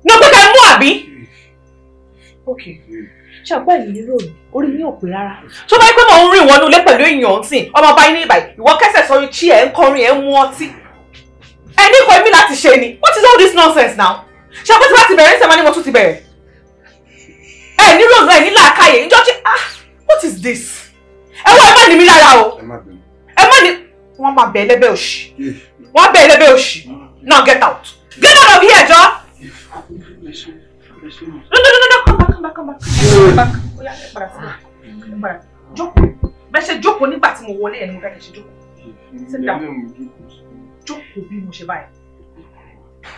Ní ọgbẹ́ ká mú àbí? Okay ṣàpẹ́ yìí rò ní orí ní òpin rárá. tó bá yẹ pé mò ń rìn wọnú ilé pẹ̀lú èèyàn ọ̀tìn ọmọ ọba yín ní ìbàyí ìwọ kẹsẹ̀ sọrí chi ẹ̀ ń kọrin ẹ̀ ń mu ọtí. ẹ ní ìkọ́ ẹ̀mí láti ṣe ni what is all this nonsense now? ṣàpẹ́ tí wọ́n ti bẹ̀rẹ̀ ń sẹ́wọ́n ni mo tún ti bẹ̀rẹ̀. ẹ ní ròdù ẹ ní làákàyè ìjọ́ ah what is this? ẹ wọ ẹ má ní mi lára o ẹ má ní wọn máa bẹ ẹlẹbẹ òṣì wọn bẹ ẹlẹbẹ òṣì now get out get out of here jọ. no no no no come back come back come back come back oya ẹ padà sílẹ̀ ẹ padà jókòó bẹ ṣe jókòó nígbà tí mo wọlé ẹ ni mo fẹ́ kẹ́ ṣe jókòó sit down jókòó bí mo ṣe báyìí.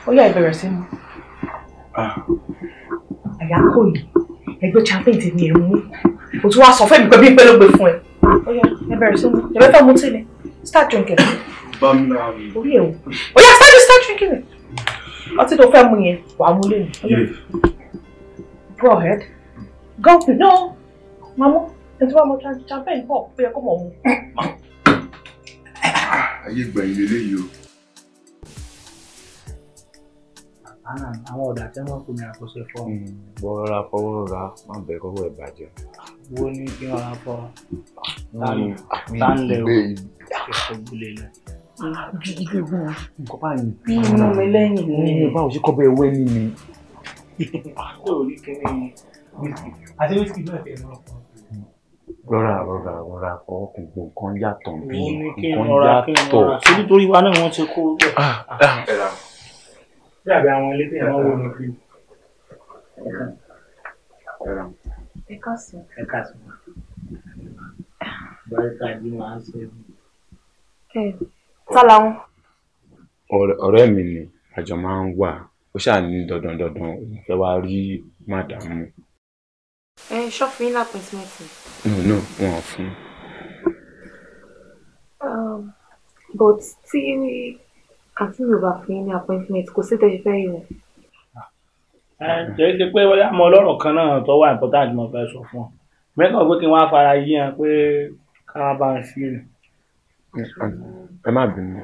oya ìbẹ̀rẹ̀ sí mu ah. àyà kò yìí ẹgbẹ́ champagne ti ẹ̀mú o tún wá sọ fún mi pé bí pé ló gbé fún ẹ. ọyọ ẹ bẹ̀rẹ̀ sí mu ẹ bẹ fẹ́ mu tí ni start drinking. bamina mi. start start drinking it. ọtí tó fẹ́ mu yẹn wàá mú lé mi. go ahead go be no mamu ẹ ti wá mọ champagne bọ̀ ó yẹ kó mọ̀ mu. *coughs* ayé gbẹ̀yìn lélẹ́yìí o. Um, àwọn ọ̀dà tí wọ́n kò ní àkóso fọ́. bọ́ rárá fọwọ́ ra má bẹ́ẹ̀ kọ́wọ́ ẹ̀ bàjẹ́. wo ni kí wọn á fọ tánlẹ̀ ah, o ìfọ̀gbìlẹ̀ náà. jíjígbé wo nǹkan báyìí. nínú mi lẹ́yìn ni. nínú báwo ṣe kọ́ bẹ́ẹ̀ wẹ́ ní mi. lórí kẹ́lẹ́ yìí àti wíṣíkì náà fẹ́ẹ́ lọ́wọ́ fún rọra rọra rọra fọwọ́ kò gbò nǹkan yàtọ̀ bí nǹkan yàtọ̀. nítorí wa náà wọ́n ti kó sí àbí àwọn ilé tí ìyàwó wọn fi. ẹ káàsán. ẹ káàsán. báyìíká ni màá ṣe. ẹ tá làwọn. ọ̀rẹ́ mi ni àjọ máa ń wà ó ṣáà ní dandan dandan òun fẹ́ wá rí màdàmú. ẹ ṣọ́ọ̀fù yín lápẹ́ntìmẹ́ntì. no no wọn ò fún. Um, but tí àǹtí mi ò bá fún yín ní appointment kò sí tẹ̀sí fẹ́ yìí o. kìí ṣe pé wọ́n mọ ọlọ́rọ̀ kan náà tó wà important mo fẹ́ sọ fún ọ mẹ́kàn pé kí wọ́n á fara yí hàn pé ká bá ń sí rè. ẹ má bínú.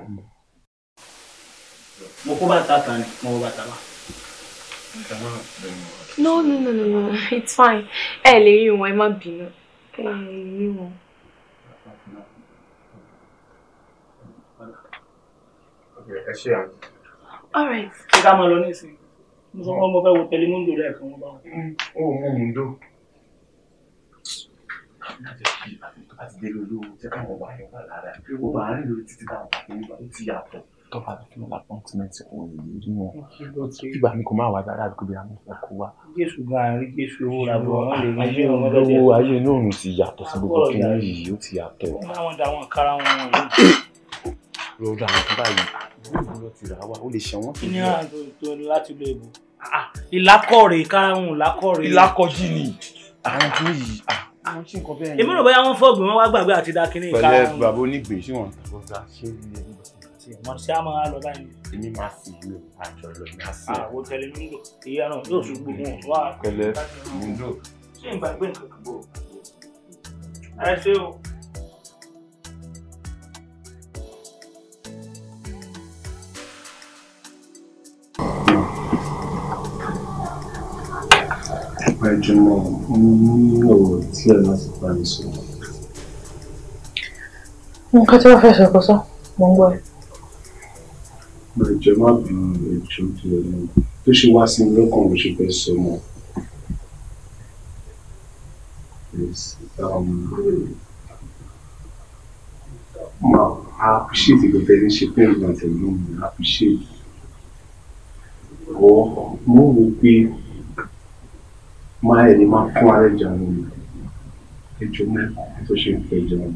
mo kó bàtà kan ni mo wọ bàtà wa. no no no no it's fine ẹ lè rí wọn ẹ má bínú ẹ lè rí wọn. ẹ ṣe àná. all right. ṣé ká máa lọ ní ìsìn mo sọ pé mo fẹ́ wo tẹlifóńdò lẹ́ẹ̀kan wọn bá wọn. ó mú un dó. àti délé olówó jẹ́ káwọn bá yẹn wà lára ó bá rìn lórí títí káwọn bá yẹn wà ó ti yàtọ̀ tọ́ba ló fún ọ̀la pọ́ńtímẹ́ǹtì òun yìí rí wọn kígbà mi kò má wà dára àdúgbò bí amú fẹ́ kó wá. jésù gan àrí jésù owó ra bọ̀ wọ́n lè rí jẹ́ ọmọdé jẹ́ owó ayé inú òun ti yàtọ̀ sí gbogbo kí yìí ó ti yàtọ̀. wọ́n máa ń da àwọn kára wọn wọ̀nyí. lọ́dọ̀ àwọn tó ìlú ìlú ló ti rà wá ó lè ṣẹ̀wọ́n. kí ni ah, ah, ah, àwọn láti lọ ìbò. ìlàkọ̀rẹ̀ karùn-ún ìlàkọ̀rẹ̀. ìlàkọ̀jì ni àwọn tó yìí èmi rò bóyá wọ́n fọ́ọ̀gbìn wọn wá gbàgbé àti dákínní ìka. pẹ̀lẹ́ bàbá onígbè sí wọn tàbí ṣé ilé nígbà tí ẹ máa ṣe á báyìí. èmi máa fi ìlú àjọ lọ ní àṣẹ. àwo tẹlẹ nílò ìyá náà yóò ṣubú mu wá. pẹ̀lẹ́ nílò. ṣé ìgbàgbé nǹkan kan Ẹ̀jùmọ̀ mo ní ọ̀rọ̀ tí ẹ láti bá mi sọ. Nǹkan tí wọ́n fẹ́ sọ kò sọ, mo ń gbọ́ ẹ. Ẹ̀jẹ̀ má bínú ẹ̀jọ́ tó ẹ lọ. Tó ṣe wá sí mi lọ́kàn ló ṣe fẹ́ sọ mọ́. Màá um, appreciate máa ẹni máa fún ara ẹja ni ẹjọ mẹ́fà tó ṣe ń pẹ ẹja ni.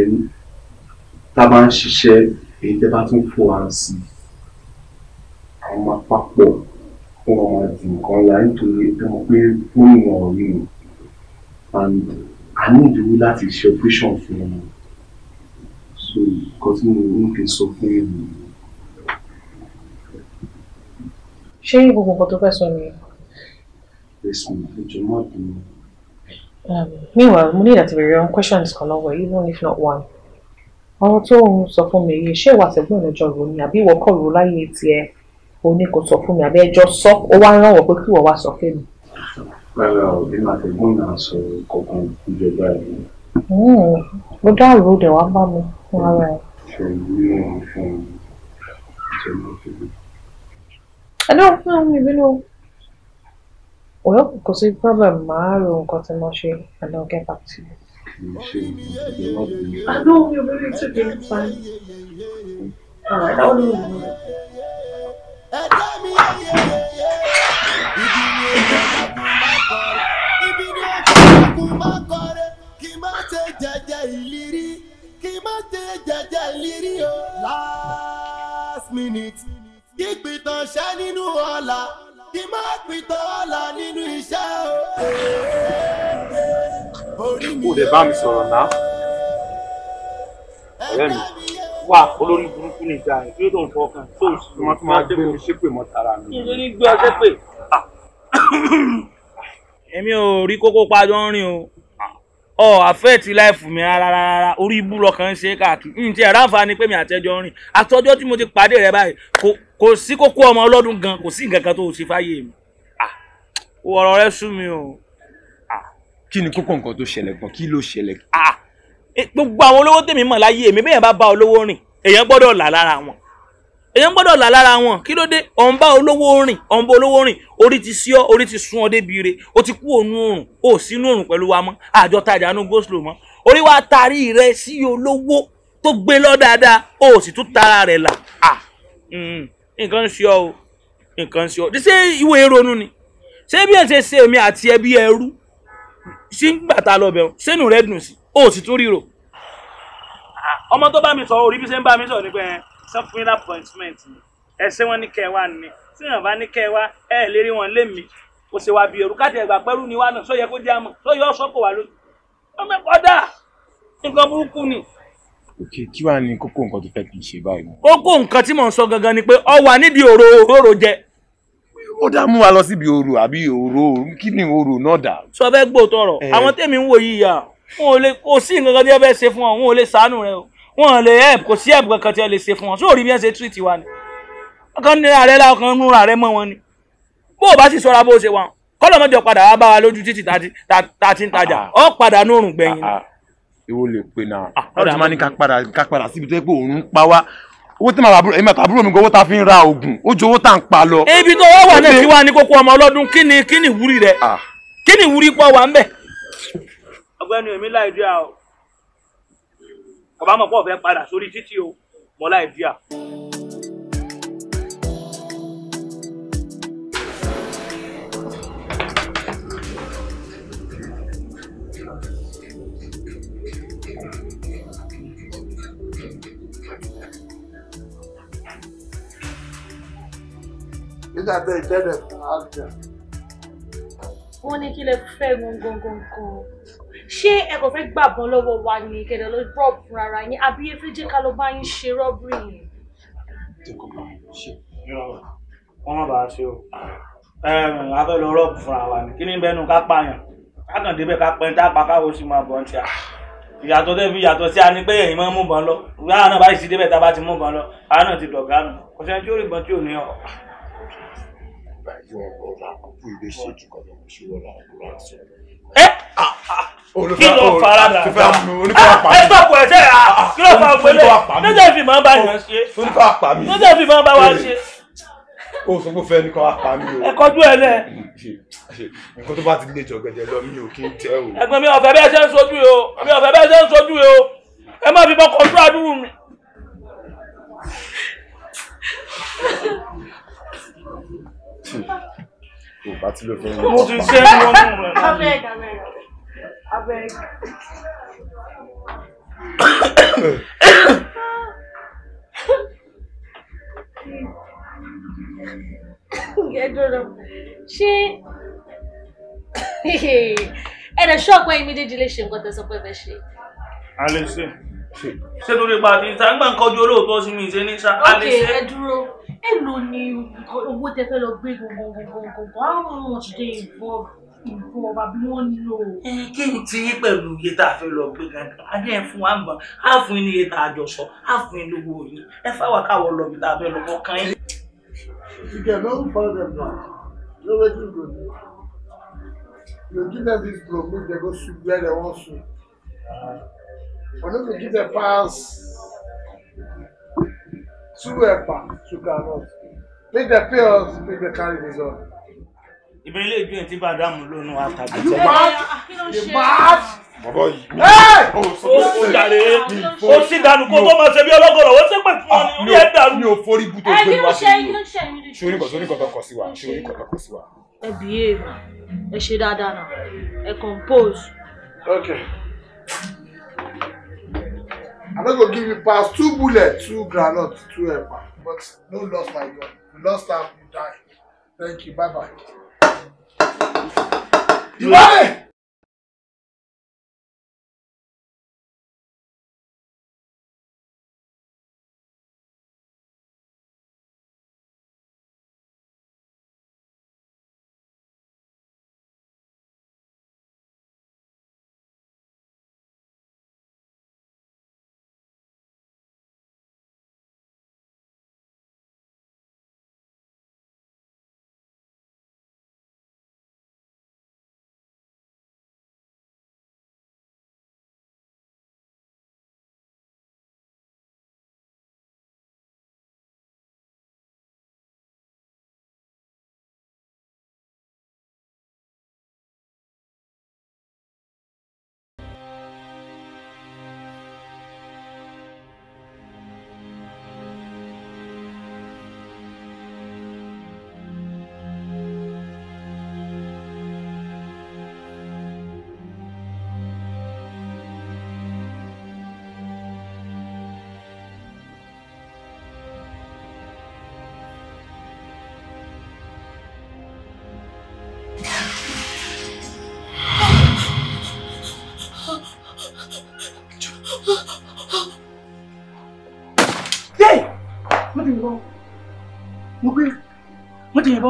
ẹni tá a bá ń ṣiṣẹ́ èyí tẹ́ bá tún fún ara sí àwọn máa papọ̀ fún ọmọ àti nǹkan ńlá nítorí ẹ mọ̀ pé fún ìwọ̀n ọ̀rìn o and a ní ìdúró láti ṣe operation fún ọmọ so nǹkan tí mo ń fi sọ fún ìlú. ṣé gbogbo nǹkan tó fẹ́ sọ ni. ẹ̀sùn ìjọ máa bínú. meanwhile mo need àti bèrè àwọn questions kan lọ́wọ́ even if not one. ọ̀rọ̀ tó ń sọ fún mi yìí ṣé ìwà àtẹ̀gbọ́n ìlọ́jọ́ rò ni àbí ìwọ kọ̀ rò láyé tiẹ̀ o ní kò sọ fún mi àbí ẹjọ́ sọ ó wá rán wọ̀ pé kí ìwọ wá sọ fún mi. rárá o bí màtẹ̀gbọ́n náà sọ kọ̀ọ̀kan ìjọba yìí. Hmm, mo dá òru dẹ̀ wá bá mi fún ara ẹ̀. ṣe ìlú ìwọ̀n fún ọ̀hún ṣe I don't know, maybe no. Well, kò sí problem, màá ro nǹkan tí mo ṣe and I'll get back to you. I know you're really took it, it's fine. Alright, I'll leave. Last minute kí pìtàn ṣẹ́ nínú ọ̀la kí má pìtàn ọ̀la nínú iṣẹ́ o. kò lè bá mi sọ̀rọ̀ ná ọ̀rẹ́ mi wà olórí burúkú ní ìjà kí ló ń fọkàn tó sì máa tún máa gbé mi ṣépè mọ́ tara mi. kí ló ní gbé ọ ṣépè. Ah. *coughs* èmi ò rí kókó pa jọ ń rìn o ọ àfẹ́ẹ̀tì láìfù mi rárá rárá orí ibú lọkàn ń ṣe káàkiri ǹjẹ́ ẹ̀rọ àǹfààní pé mi àtẹ́jọ́ rìn àtọ́jọ́ tí mo ti pàdé rẹ báyìí kò sí kókó ọmọ ọlọ́dún gan kò sí nǹkan kan tó o ṣe fáyé mi ah, ọ̀rọ̀ rẹ sú mi o. Ah. kí ni kókó nǹkan tó ṣẹlẹ̀ gan kí ló ṣẹlẹ̀. Ah, e, gbogbo àwọn olówó tèmi mọ̀ láyé èmi bẹ́ẹ̀ bá bá olówó rìn èèyàn gbọ́dọ̀ là lára wọn èyàn gbọ́dọ̀ là lára wọn kí ló dé ọ̀nba olówó rìn ọ̀nba olówó rìn orí ti sí ọ orí ti sun ọ débi re o ti kú òun òrùn o ò sínú òrùn pẹ̀lú wa mọ́ àjọ tajà nu goslo mọ́ orí wa taari rẹ sí olówó tó gbé lọ dáadáa o ò sì tún tara rẹ̀ là à mm, nǹkan ń ṣe ọ o nǹkan ń ṣe ọ ṣé ìwé ronú ni ṣé bí ẹ ṣe ṣe èmi àti ẹbí ẹrú sí gbàtà lọ bẹ̀rù sínú rẹ dùn sí o ò sì tún ríro ọmọ tó bá mi sọ orí bí ṣe ń bá mi sọ ni pé sọfún yín appointment ni ẹsẹ wọn ní kẹwàá ni tí wọn bá ní kẹwàá ẹ lérí wọn lémi kò sì wá bí ẹrú káàtì ẹgbà pẹ̀lú ni wà náà sọ yẹ kó jẹ àmọ́ sọ yọ ọsọ kò wà lójú ọmọ ẹ̀kọ́ dà nǹkan burúkú ni. ok kí wàá ní kókó nǹkan tó fẹ́ kí n ṣe báyìí. kókó nǹkan tí mò ń sọ gangan ni pé ọ wà nídìí òró òró jẹ ó dá mú wa lọ síbi orò àbí orò kí ni orò náà dà. sọ fẹ́ gbòòtọ̀ rọ̀ eh. àwọn tèmi ń wò yìí yà wọn ò lè kò sí nǹkan kan tí wọ́n fẹ́ ṣe fún ọ wọn ò lè ṣàánú rẹ o wọn lè help kò sí help kankan tí ẹ lè ṣe fún wọn sóòrí bí ẹ ṣe treat wa ni ọkàn nira rẹ lákàn núra rẹ mọ wọn ni bó o bá sì ṣọ́ra bó o ṣe wà kọlọmọjọ padà wá bá wa lójú títì tá a ti ń tajà ọ ah, ah. padà nórùn gbẹ̀yìn ni. Ah, ìwọ lè pe náà ọ̀rọ̀ tí wọ́n ní ká padà síbi tó yẹ pé òun ń pa wá owó tí màbàbúrò èmi àtàbúrò mi gbowó ta fi ń ra oògùn ó ju owó tá à ń pa lọ. ibi tó wá wà náà kí wàá ní kókó ọmọ ọlọ́dún kí ni kí ni ìwúrí rẹ kí ni ìwúrí pọ̀ wà ń bẹ̀. ọ̀gbẹ́ni èmi láì dí a o kọba mọ̀ pọ̀ fẹ́ padà sórí títí o mọ́lá ìdíyà. nígbà tó ìtẹ́lẹ̀ fún wọ́n ní kí lè fẹ́ gbọ̀ngàn ṣé ẹ kò fẹ́ gbàbọn lọ́wọ́ wa ni kẹ̀dẹ̀ ló rọ̀ rárá yín àbí ẹ jẹ́ ká lọ bá yín ṣe rọ́bìrì yẹn. wọ́n má bàa ṣe o a fẹ́ lọ rọ́ọ̀bù fúnra wa ni kí ni bẹ́ẹ̀ nu ká pààyàn ká kàn débẹ̀ ká pẹ́ńtà pa káwo sì máa bọ̀ ń tíya ìyàtọ̀ tẹ́ fi ìyàtọ̀ sí a ní pé èyí máa ń mú bọ́n lọ yàrá náà bá sì débẹ̀ tá a bá ti mú bọ́n lọ àá náà ti dọ̀gá nù kò sẹ́ni tí ó rí bọ́n tí ò ní ọ̀. ìgbà yóò ọ̀rọ̀ àkókò ilé ṣètò kan ló ń ṣe wọ́n láàbùrọ̀ àti Eh? ẹ kí ló fara dà eh, ẹ sọpọ ẹsẹ ah, ah, kí ló fa gbélé níjẹ fi máa bá yàn ṣe níjẹ fi máa bá wa ṣe. o sọ pé fẹ́ ni kò wá pa mí o. ẹ kọjú ẹ lẹ. nǹkan tó bá ti lè jọ gẹ̀dẹ̀ lọ mi o. ẹ̀gbọ́n mi ọ̀fẹ́ bẹ́ẹ̀ ṣe o mi ọ̀fẹ́ bẹ́ẹ̀ ṣe ń o ẹ má fi bọ́ kọjú àdúrú kò bá tí ló fi ń lọ. mo ti ṣe é wọ́n mú rẹ̀. abeg abeg abeg. ṣé ẹ̀rẹ̀ ṣọ́ọ̀pù ẹ̀yin méjèèjì lè ṣe ṣé torí pa àti ìta gbà ń kọjú olóòótọ́ sí mi ṣe ní sá. ok ẹ dúró èló ni owó tẹ fẹ́ lọ gbé gbogbogbogbogbò àwọn ọ̀ṣun dé ìbọn ìbọn àbí wọ́n nílò. ẹ kí n ti yín pẹ̀lú iye tá a fẹ́ lọ gbé gangan adé ẹ fún wa ń bọ̀ á fún yín iye tá a jọ sọ á fún yín lówó yín ẹ fáwọn káwọ lọ bí tá a fẹ́ lọ kọ́ kan yín. ìjẹ̀bẹ̀ ń fọ́ ọ̀dẹ̀ náà lọ́wọ́ tí kò ní yóò dín náà bí problem ɔno ne di the pass two ɛpa to groundnut make the pills make the carry the dog. ìbílẹ̀ ìjọ tí bàdá mú lónìí wà tàbí tẹ́lẹ̀. you mad you mad. bàbá yìí. ó ó oh, oh, oh, jàre ó sì dànù kó tó máa ṣe bí ọlọ́gọ̀rọ̀ ó ṣe pẹ̀ fún ọ ní ẹ̀ dànù. mi ò forí bùtò pé wá sí i sórí kọ̀tọ́ ní kọ̀tọ́ kọ̀ sí wa sórí kọ̀tọ́ kọ̀ sí wa. ẹ bìí èèmà ẹ ṣe dáadáa náà ẹ compose. okay. I'm not gonna give you pass two bullets, two groundnut two epa but no loss my gun you lost am you die thank you bye bye. ìwádìí.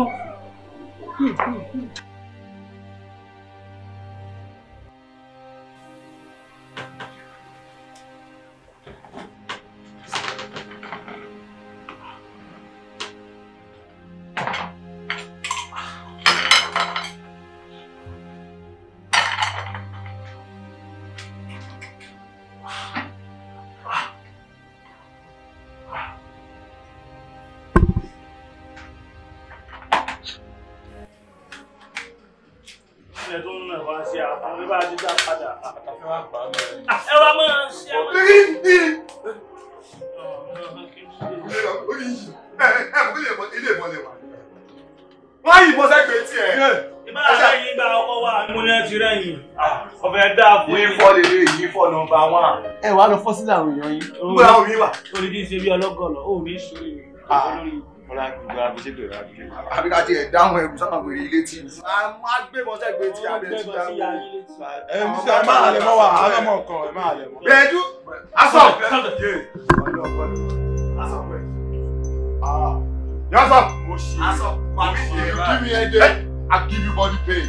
うんうんうん sí àwọn èèyàn yín. gbogbo àwọn mi wà. olùdí ṣe bí ọlọ́gọ̀ọ̀lọ́ ò ní ṣòro ah, ìrìn àbí ká tiẹ̀ dáhùn ẹ̀rù sábà wèrè ilé tí. a máa gbé bọ́ sẹ́gbẹ̀ẹ́ tí a bẹ̀ tí a bẹ̀. ẹ ẹ máa lẹ̀ mọ́ wa àárọ̀ mọ̀ kan ẹ máa lẹ̀ mọ́. bẹ́ẹ̀dú aṣọ. Ah, yọ̀sọ̀. aṣọ pàmí ìlú kí mi ẹ dé. I give you body pain.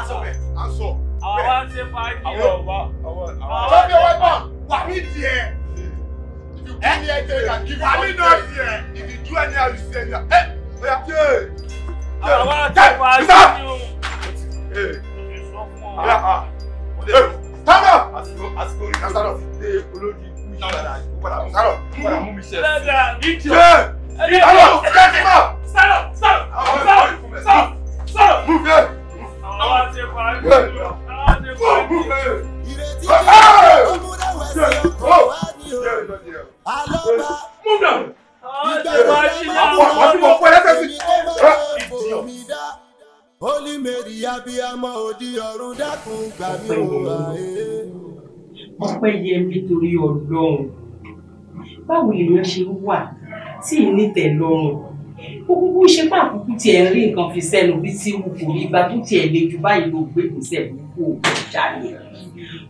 aṣọ bẹ̀. aṣọ. àwa ṣe fàájì ọ̀wá. àwa ṣe fàájì ọ̀wá. Wami there. If you eh? kill anything, you can give Wami not If you do anyhow, you say anyhow. Eh? Oya. Yeah. I want to talk about you. Hey. Oya. Ah. Hey. Stand up. Asiko. Asiko. Stand up. Hey. Olodi. Stand up. Stand up. Mumi chef. Stand up. Eat your. Stand up. Stand up. Stand up. Stand up. Stand up. Stand up. Move here. I want to talk about you ìrètí ó múra wẹ̀ sí ọkọ̀ wá ní o alọ́ba ìgbàlódé ọmọ mi ni ó mi dá olùmẹ̀rì abiyamọ òdi ọ̀run dákun gbà mí ò wá ẹ̀. ọpẹ́ yẹ mi torí Ọlọ́run báwo lèèyàn ṣe wà tí ì ní tẹ́lọ́rùn ó kúkú ṣe pé àkókò tiẹ̀ ń rí nǹkan fi sẹ́nu bí tí wù kò rí ìgbà tó tiẹ̀ le jù báyìí ló gbé kò sẹ́nu kó o jalè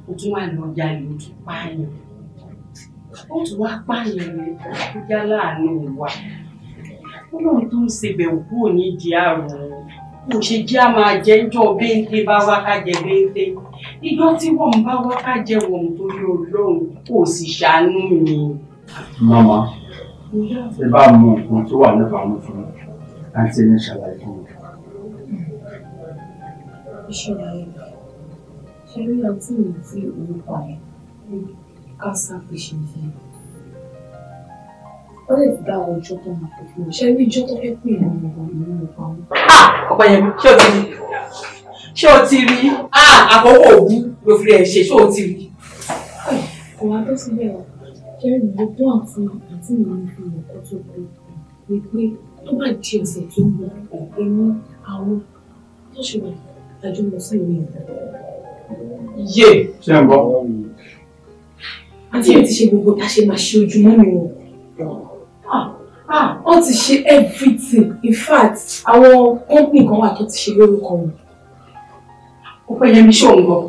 o tún wá lọ jalè o tún pààyàn ó tún wá pààyàn ni ó láàánú wa ó lóun tó ń sebẹ̀ òkú òní di àrùn kò ṣe jẹ́ a máa jẹ́ ńjọ́ béńté bá wá ká jẹ béńté ìjọ tí wọ́n bá wá ká jẹ wọ́n torí olóhùn kò sì ṣàánú mi. mama ṣe bá mú nǹkan tó wà lẹ́bàámu fún mi àti ẹni ṣàlàyé fún mi ṣẹ́rí ọtí mi tí orúkọ ẹ̀ cancer patient ni ó lè dá ọjọ́ tó máa tó fún mi ṣẹ́rí ìjọ tó fẹ́ pè é ní ọmọ ìlú ìpa wọn. Ah! ọ̀pọ̀ yẹn ṣé o ti rí ṣé o ti rí ah! àkókò òwú ló fi rẹ̀ ṣe ṣé o ti rí. kò wá tó síbẹ̀ o ṣẹ́rí gbogbo àti àti ìlú ìfi ọkọ̀ tó kù wípé tó bá di ọ̀sẹ̀ tó ń bọ̀ ẹ̀mí àwọn tó ṣe wà lájọ́ lọ sí ìlú ìlú yé. ṣé ń bọ̀. àǹtí yẹn ti ṣe gbogbo tá a ṣe máa ṣe ojúmọ́ mi o. Ah, ah, wọ́n ti ṣe everything in fact àwọn company kan wà tó ti ṣe lórúkọ mi. ọpẹ́ yẹn mi ṣe òun gan.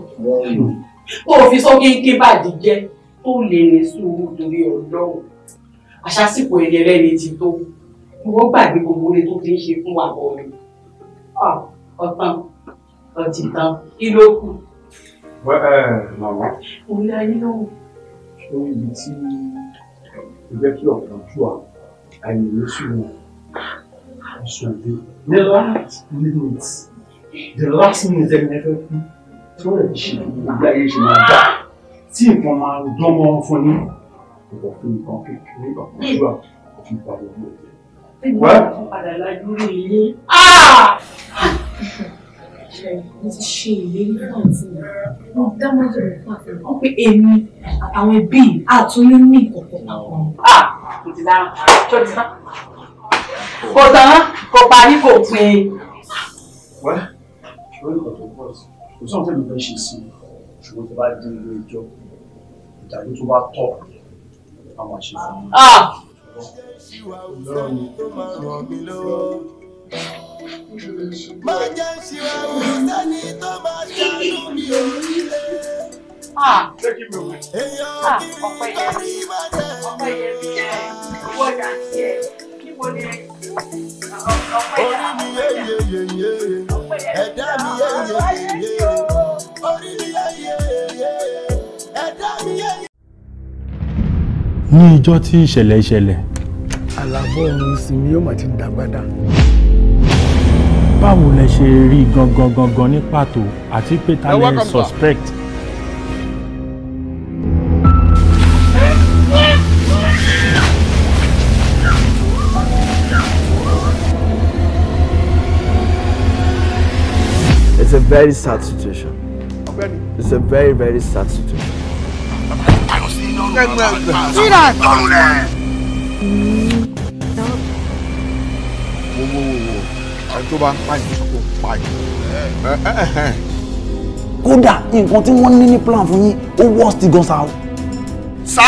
kó o fi sọ kéńké bàdí jẹ́ tó lè ní sùúrù torí ọlọ́run àṣàsìkò ẹ̀yẹ lẹ́ni ti tó wọ́n gbàgbé gbogbo orin tó ti ń ṣe fún wa ọ̀rẹ́ ah, ọ̀tàn ọ̀tìtàn kí màmá. Eh, orí ayé náà. ó ibi tí ó jẹ́ kí ọ̀pọ̀ jù à àyè ló sì wọ̀ ìṣòro the last minute the last minute ẹni ẹfẹ́ fún tí wọ́n ti ṣe ìgbé ayé ṣe máa dá tí nǹkan máa dán mọ́ fún ní ọ̀pọ̀ fún nǹkan kékeré ọ̀pọ̀ jù à òfin ìpàdé ọmọ ìgbẹ́. ẹgbẹ́ ọ̀pọ̀ padà lajú rí ilé. Ah! ṣẹlẹ̀ mo ti ṣe ìlérí fún àǹtí mi mo dá májèlé fún àǹtí mi wọ́n pé èmi àtàwọn ẹbí àtúnú ní ìkọ̀kọ̀ papọ̀. a kò ti dára tó ti tán kò tán kò parí kò pin. wẹ́ ṣùgbọ́n ìkọ̀ tó pọ̀ sí kò sóhun tẹ́lẹ̀ fẹ́ ṣe sí ṣùgbọ́n tó bá dé ilé ẹjọ́ ìdájọ́ tó bá tọ́ àwọn àṣefọ́. lọ́rọ̀ mi tó máa ràn mí lọ́wọ́ má jẹ́ ní ìbàjẹ́ tí ìṣẹ̀lẹ̀ ìṣẹ̀lẹ̀. àlàbọ̀ ọ̀run ìsinmi yóò mà ti dàgbàdà báwo lẹ ṣe rí gangan gangan ní pàtó àti pé ta lẹ suspect. It's a very sad situation. It's a very, very sad situation. whoa, whoa, whoa ẹni tó bá ń pààyàn sọ pé ó ń pààyàn. kódà nǹkan tí wọ́n ní ní plan fún yín ó worst gan sa o. sá.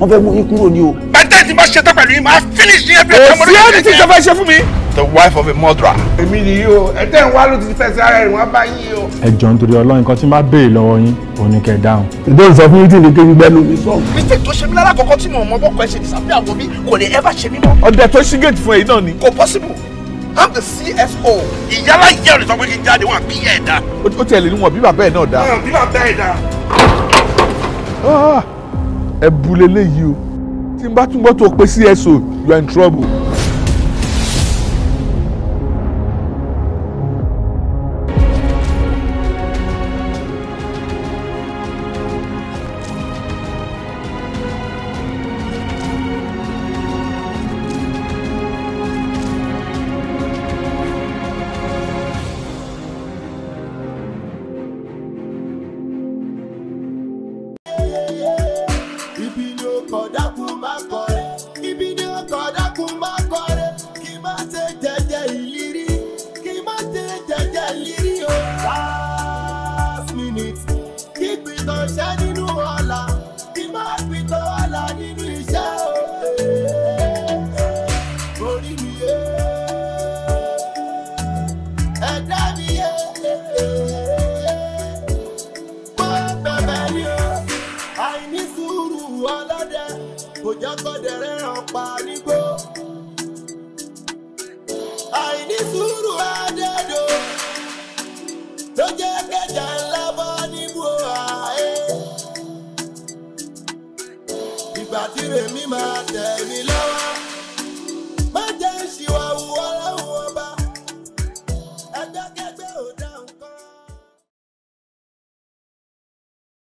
wọ́n fẹ́ mú yín kúrò ní o. bàtà tí bá ṣe tán pẹ̀lú yín máa finish ní ẹgbẹ́ ìjọba. kò sí ẹni tí ìjọba ṣe fún mi the wife of a murderer. èmi nìyí o ẹ̀tẹ́ ń wá ló ti fẹsẹ̀ ara rẹ̀ wọ́n bá yín o. ẹ jọ nítorí ọlọ́run kan tí máa béèrè lọ́wọ́ yín òun ni kẹ́ ẹ dáhùn. ìdó ìsọ fún yín ní kébí gbẹ́nu mi sọ. mistake tó ṣe mí lára kọ́kọ́ tí mo mọ bọ́kọ ẹ ṣe disappear àwọn mi kò lè ever ṣe mí mọ́. ọdẹ tó ṣí gate fún èyí náà ni. kò possible i'm the cso ìyálà ìyá rẹ̀ sọ pé kí n jáde wọn àbí ẹ̀ dá. ó tiẹ̀ lè ní wọn bí bàbá ẹ̀ náà dá. bí bàbá ẹ̀ dá. Ah, ẹ bu leléyìí o tí n bá túbọ̀ cso you are in trouble.